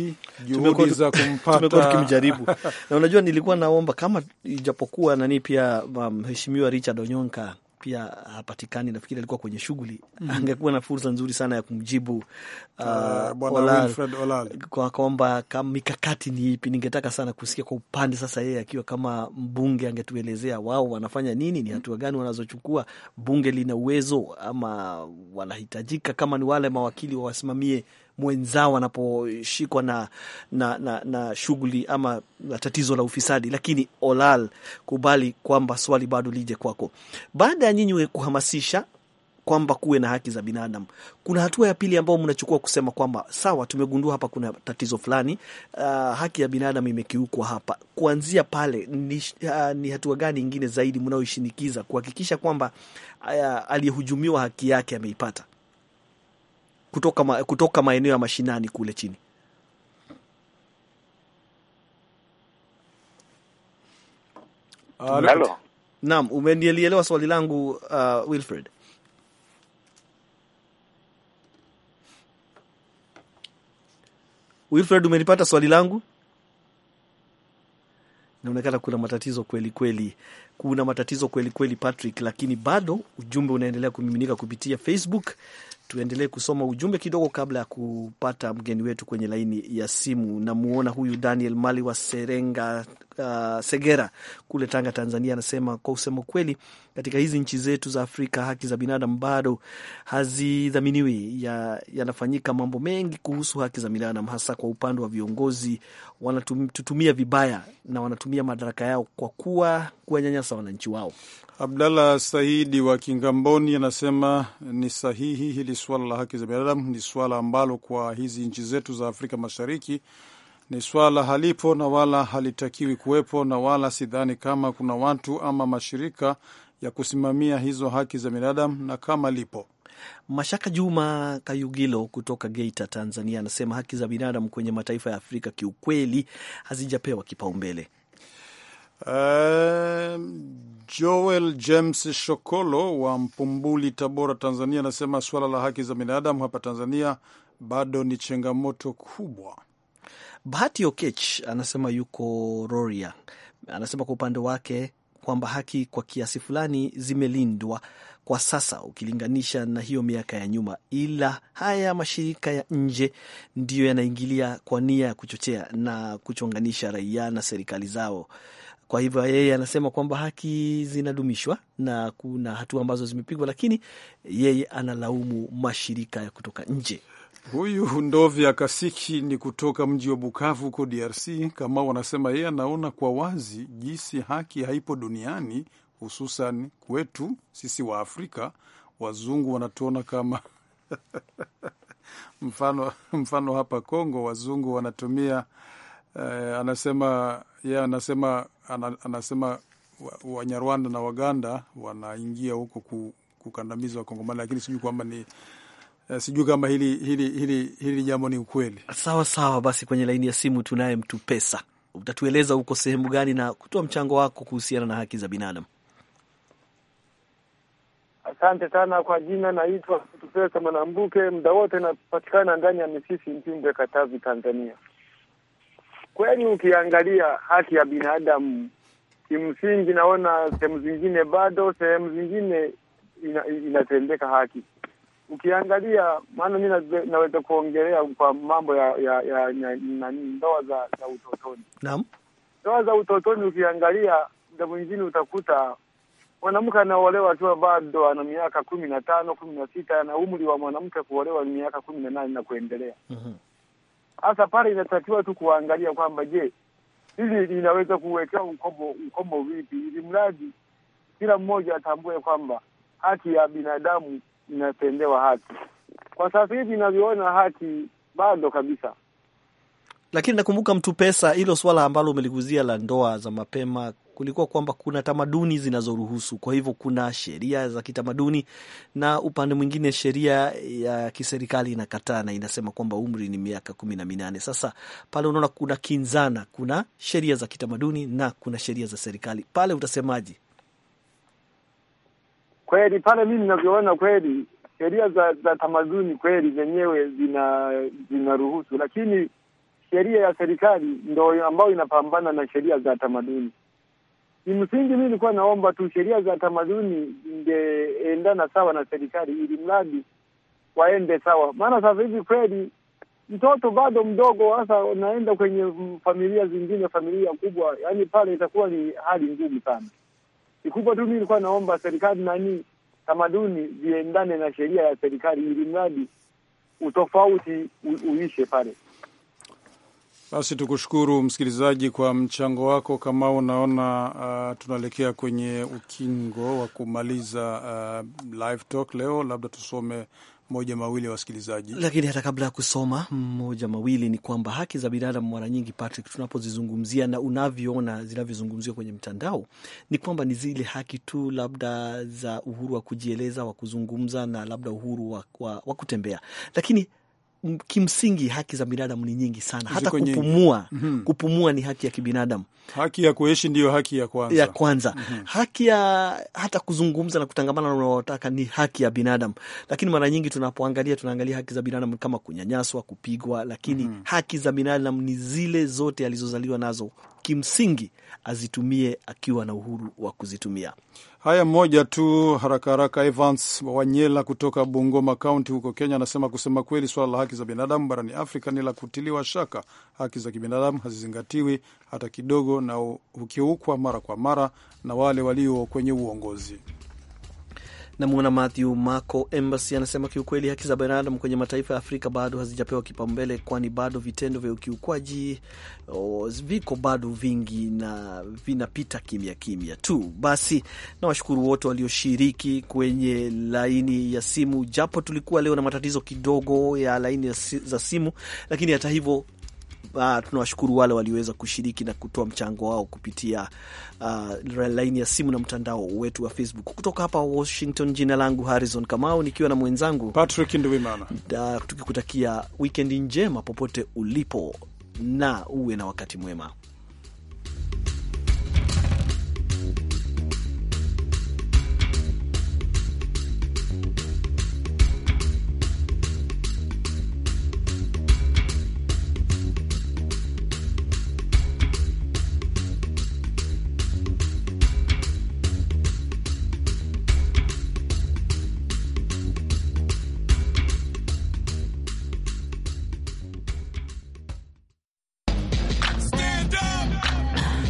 juhudi za kumpata tukimjaribu na unajua, nilikuwa naomba kama ijapokuwa nani pia um, mheshimiwa um, Richard Onyonka pia hapatikani, nafikiri alikuwa kwenye shughuli mm -hmm. Angekuwa na fursa nzuri sana ya kumjibu ah, uh, kwa kwamba mikakati ni ipi. Ningetaka sana kusikia kwa upande sasa, yeye akiwa kama mbunge angetuelezea wao wanafanya nini, ni mhm. hatua gani wanazochukua, bunge lina uwezo ama wanahitajika kama ni wale mawakili wawasimamie mwenzao anaposhikwa na, na, na, na shughuli ama na tatizo la ufisadi. Lakini Olal, kubali kwamba swali bado lije kwako. Baada ya nyinyi kuhamasisha kwamba kuwe na haki za binadamu, kuna hatua ya pili ambayo mnachukua kusema kwamba sawa, tumegundua hapa kuna tatizo fulani, uh, haki ya binadamu imekiukwa hapa. Kuanzia pale ni, uh, ni hatua gani ingine zaidi mnayoishinikiza kuhakikisha kwamba uh, aliyehujumiwa haki yake ameipata? kutoka, ma, kutoka maeneo ya mashinani kule chini? Halo. Ah, Naam, swali langu uh, Wilfred? Wilfred, umenipata swali langu? Inaonekana kuna matatizo kweli kweli, kuna matatizo kweli kweli Patrick, lakini bado ujumbe unaendelea kumiminika kupitia Facebook tuendelee kusoma ujumbe kidogo kabla ya kupata mgeni wetu kwenye laini ya simu. Namuona huyu Daniel Mali wa Serenga, uh, Segera kule Tanga, Tanzania, anasema kwa usemo kweli, katika hizi nchi zetu za Afrika haki za binadamu bado hazidhaminiwi. Yanafanyika ya mambo mengi kuhusu haki za binadamu, hasa kwa upande wa viongozi wanatutumia vibaya na wanatumia madaraka yao kwa kuwa kuwanyanyasa wananchi wao. Abdallah Saidi wa Kingamboni anasema ni sahihi, hili swala la haki za binadamu ni swala ambalo kwa hizi nchi zetu za Afrika Mashariki ni swala halipo na wala halitakiwi kuwepo, na wala sidhani kama kuna watu ama mashirika ya kusimamia hizo haki za binadamu, na kama lipo Mashaka Juma Kayugilo kutoka Geita, Tanzania, anasema haki za binadamu kwenye mataifa ya Afrika kiukweli hazijapewa kipaumbele. Uh, Joel James Shokolo wa Mpumbuli, Tabora, Tanzania, anasema suala la haki za binadamu hapa Tanzania bado ni changamoto kubwa. Bahati Okech anasema yuko Roria, anasema kwa upande wake kwamba haki kwa kiasi fulani zimelindwa kwa sasa ukilinganisha na hiyo miaka ya nyuma, ila haya mashirika ya nje ndiyo yanaingilia kwa nia ya kuchochea na kuchonganisha raia na serikali zao. Kwa hivyo yeye anasema kwamba haki zinadumishwa na kuna hatua ambazo zimepigwa, lakini yeye analaumu mashirika ya kutoka nje. Huyu Ndovya Kasiki ni kutoka mji wa Bukavu huko DRC. Kama wanasema yeye anaona kwa wazi jinsi haki haipo duniani, hususan kwetu sisi wa Afrika. Wazungu wanatuona kama mfano, mfano hapa Kongo wazungu wanatumia eh, anasema ye yeah, anasema anasema Wanyarwanda na Waganda wanaingia huko ku, kukandamiza Wakongomani, lakini sijui kwamba ni eh, sijui kama hili, hili, hili, hili jambo ni ukweli. Sawa sawa, basi kwenye laini ya simu tunaye mtu pesa, utatueleza uko sehemu gani na kutoa mchango wako kuhusiana na haki za binadamu. Asante sana kwa jina, naitwa Mtu Pesa Mwanambuke, muda wote napatikana ndani ya Misisi Mpimbwe, Katavi, Tanzania kweli ukiangalia haki ya binadamu kimsingi, naona sehemu zingine bado, sehemu zingine ina, inatendeka haki. Ukiangalia maana mi naweza kuongelea kwa mambo ya ya, ya, ya nani, ndoa za, za utotoni. Naam, ndoa za utotoni ukiangalia, mda mwingine utakuta mwanamke anaolewa akiwa bado ana miaka kumi na tano kumi na sita na umri wa mwanamke kuolewa ni miaka kumi na nane na kuendelea. mm -hmm. Hasa pale inatakiwa tu kuangalia kwamba je, hili linaweza kuwekewa ukomo ukomo vipi, ili mradi kila mmoja atambue kwamba haki ya binadamu inatendewa haki. Kwa sasa hivi inavyoona haki bado kabisa. Lakini nakumbuka mtu pesa, hilo swala ambalo umeliguzia la ndoa za mapema kulikuwa kwamba kuna tamaduni zinazoruhusu. Kwa hivyo kuna sheria za kitamaduni na upande mwingine sheria ya kiserikali inakataa na inasema kwamba umri ni miaka kumi na minane. Sasa pale unaona kuna kinzana, kuna sheria za kitamaduni na kuna sheria za serikali. Pale utasemaje? Kweli pale mimi ninavyoona kweli sheria za, za tamaduni kweli zenyewe zina zinaruhusu, lakini sheria ya serikali ndo ambayo inapambana na sheria za tamaduni. Kimsingi mi nilikuwa naomba tu sheria za tamaduni zingeendana sawa na serikali, ili mradi waende sawa, maana sasa hivi kweli mtoto bado mdogo, hasa unaenda kwenye familia zingine, familia kubwa, yaani pale itakuwa ni hali ngumu sana. Kikubwa tu mi nilikuwa naomba serikali nani, tamaduni ziendane na sheria ya serikali, ili mradi utofauti uishe pale. Basi tukushukuru msikilizaji kwa mchango wako. Kama unaona, uh, tunaelekea kwenye ukingo wa kumaliza uh, live talk leo, labda tusome moja mawili ya wasikilizaji. Lakini hata kabla ya kusoma moja mawili, ni kwamba haki za binadamu mara nyingi, Patrick, tunapozizungumzia na unavyoona zinavyozungumziwa kwenye mtandao, ni kwamba ni zile haki tu labda za uhuru wa kujieleza, wa kuzungumza na labda uhuru wa, wa, wa kutembea, lakini kimsingi haki za binadamu ni nyingi sana, hata kupumua. mm -hmm. Kupumua ni haki ya kibinadamu, haki ya kuishi ndiyo haki ya kwanza, ya kwanza. Mm -hmm. Haki ya hata kuzungumza na kutangamana na unaotaka ni haki ya binadamu, lakini mara nyingi tunapoangalia, tunaangalia haki za binadamu kama kunyanyaswa, kupigwa, lakini mm -hmm. haki za binadamu ni zile zote alizozaliwa nazo, kimsingi azitumie akiwa na uhuru wa kuzitumia. Haya, mmoja tu haraka haraka. Evans Wanyela kutoka Bungoma Kaunti huko Kenya anasema kusema kweli, suala la haki za binadamu barani Afrika ni la kutiliwa shaka. Haki za kibinadamu hazizingatiwi hata kidogo, na hukiukwa mara kwa mara na wale walio kwenye uongozi. Namwona Matthew Marco Embassy anasema kiukweli, haki za binadamu kwenye mataifa ya Afrika bado hazijapewa kipaumbele, kwani bado vitendo vya ukiukwaji viko bado vingi na vinapita kimya kimya tu. Basi nawashukuru wote walioshiriki kwenye laini ya simu, japo tulikuwa leo na matatizo kidogo ya laini za simu, lakini hata hivyo uh, tunawashukuru wale walioweza kushiriki na kutoa mchango wao kupitia uh, laini ya simu na mtandao wetu wa Facebook. Kutoka hapa Washington, jina langu Harrison Kamau nikiwa na mwenzangu Patrick Ndwimana, tukikutakia wikendi njema popote ulipo na uwe na wakati mwema.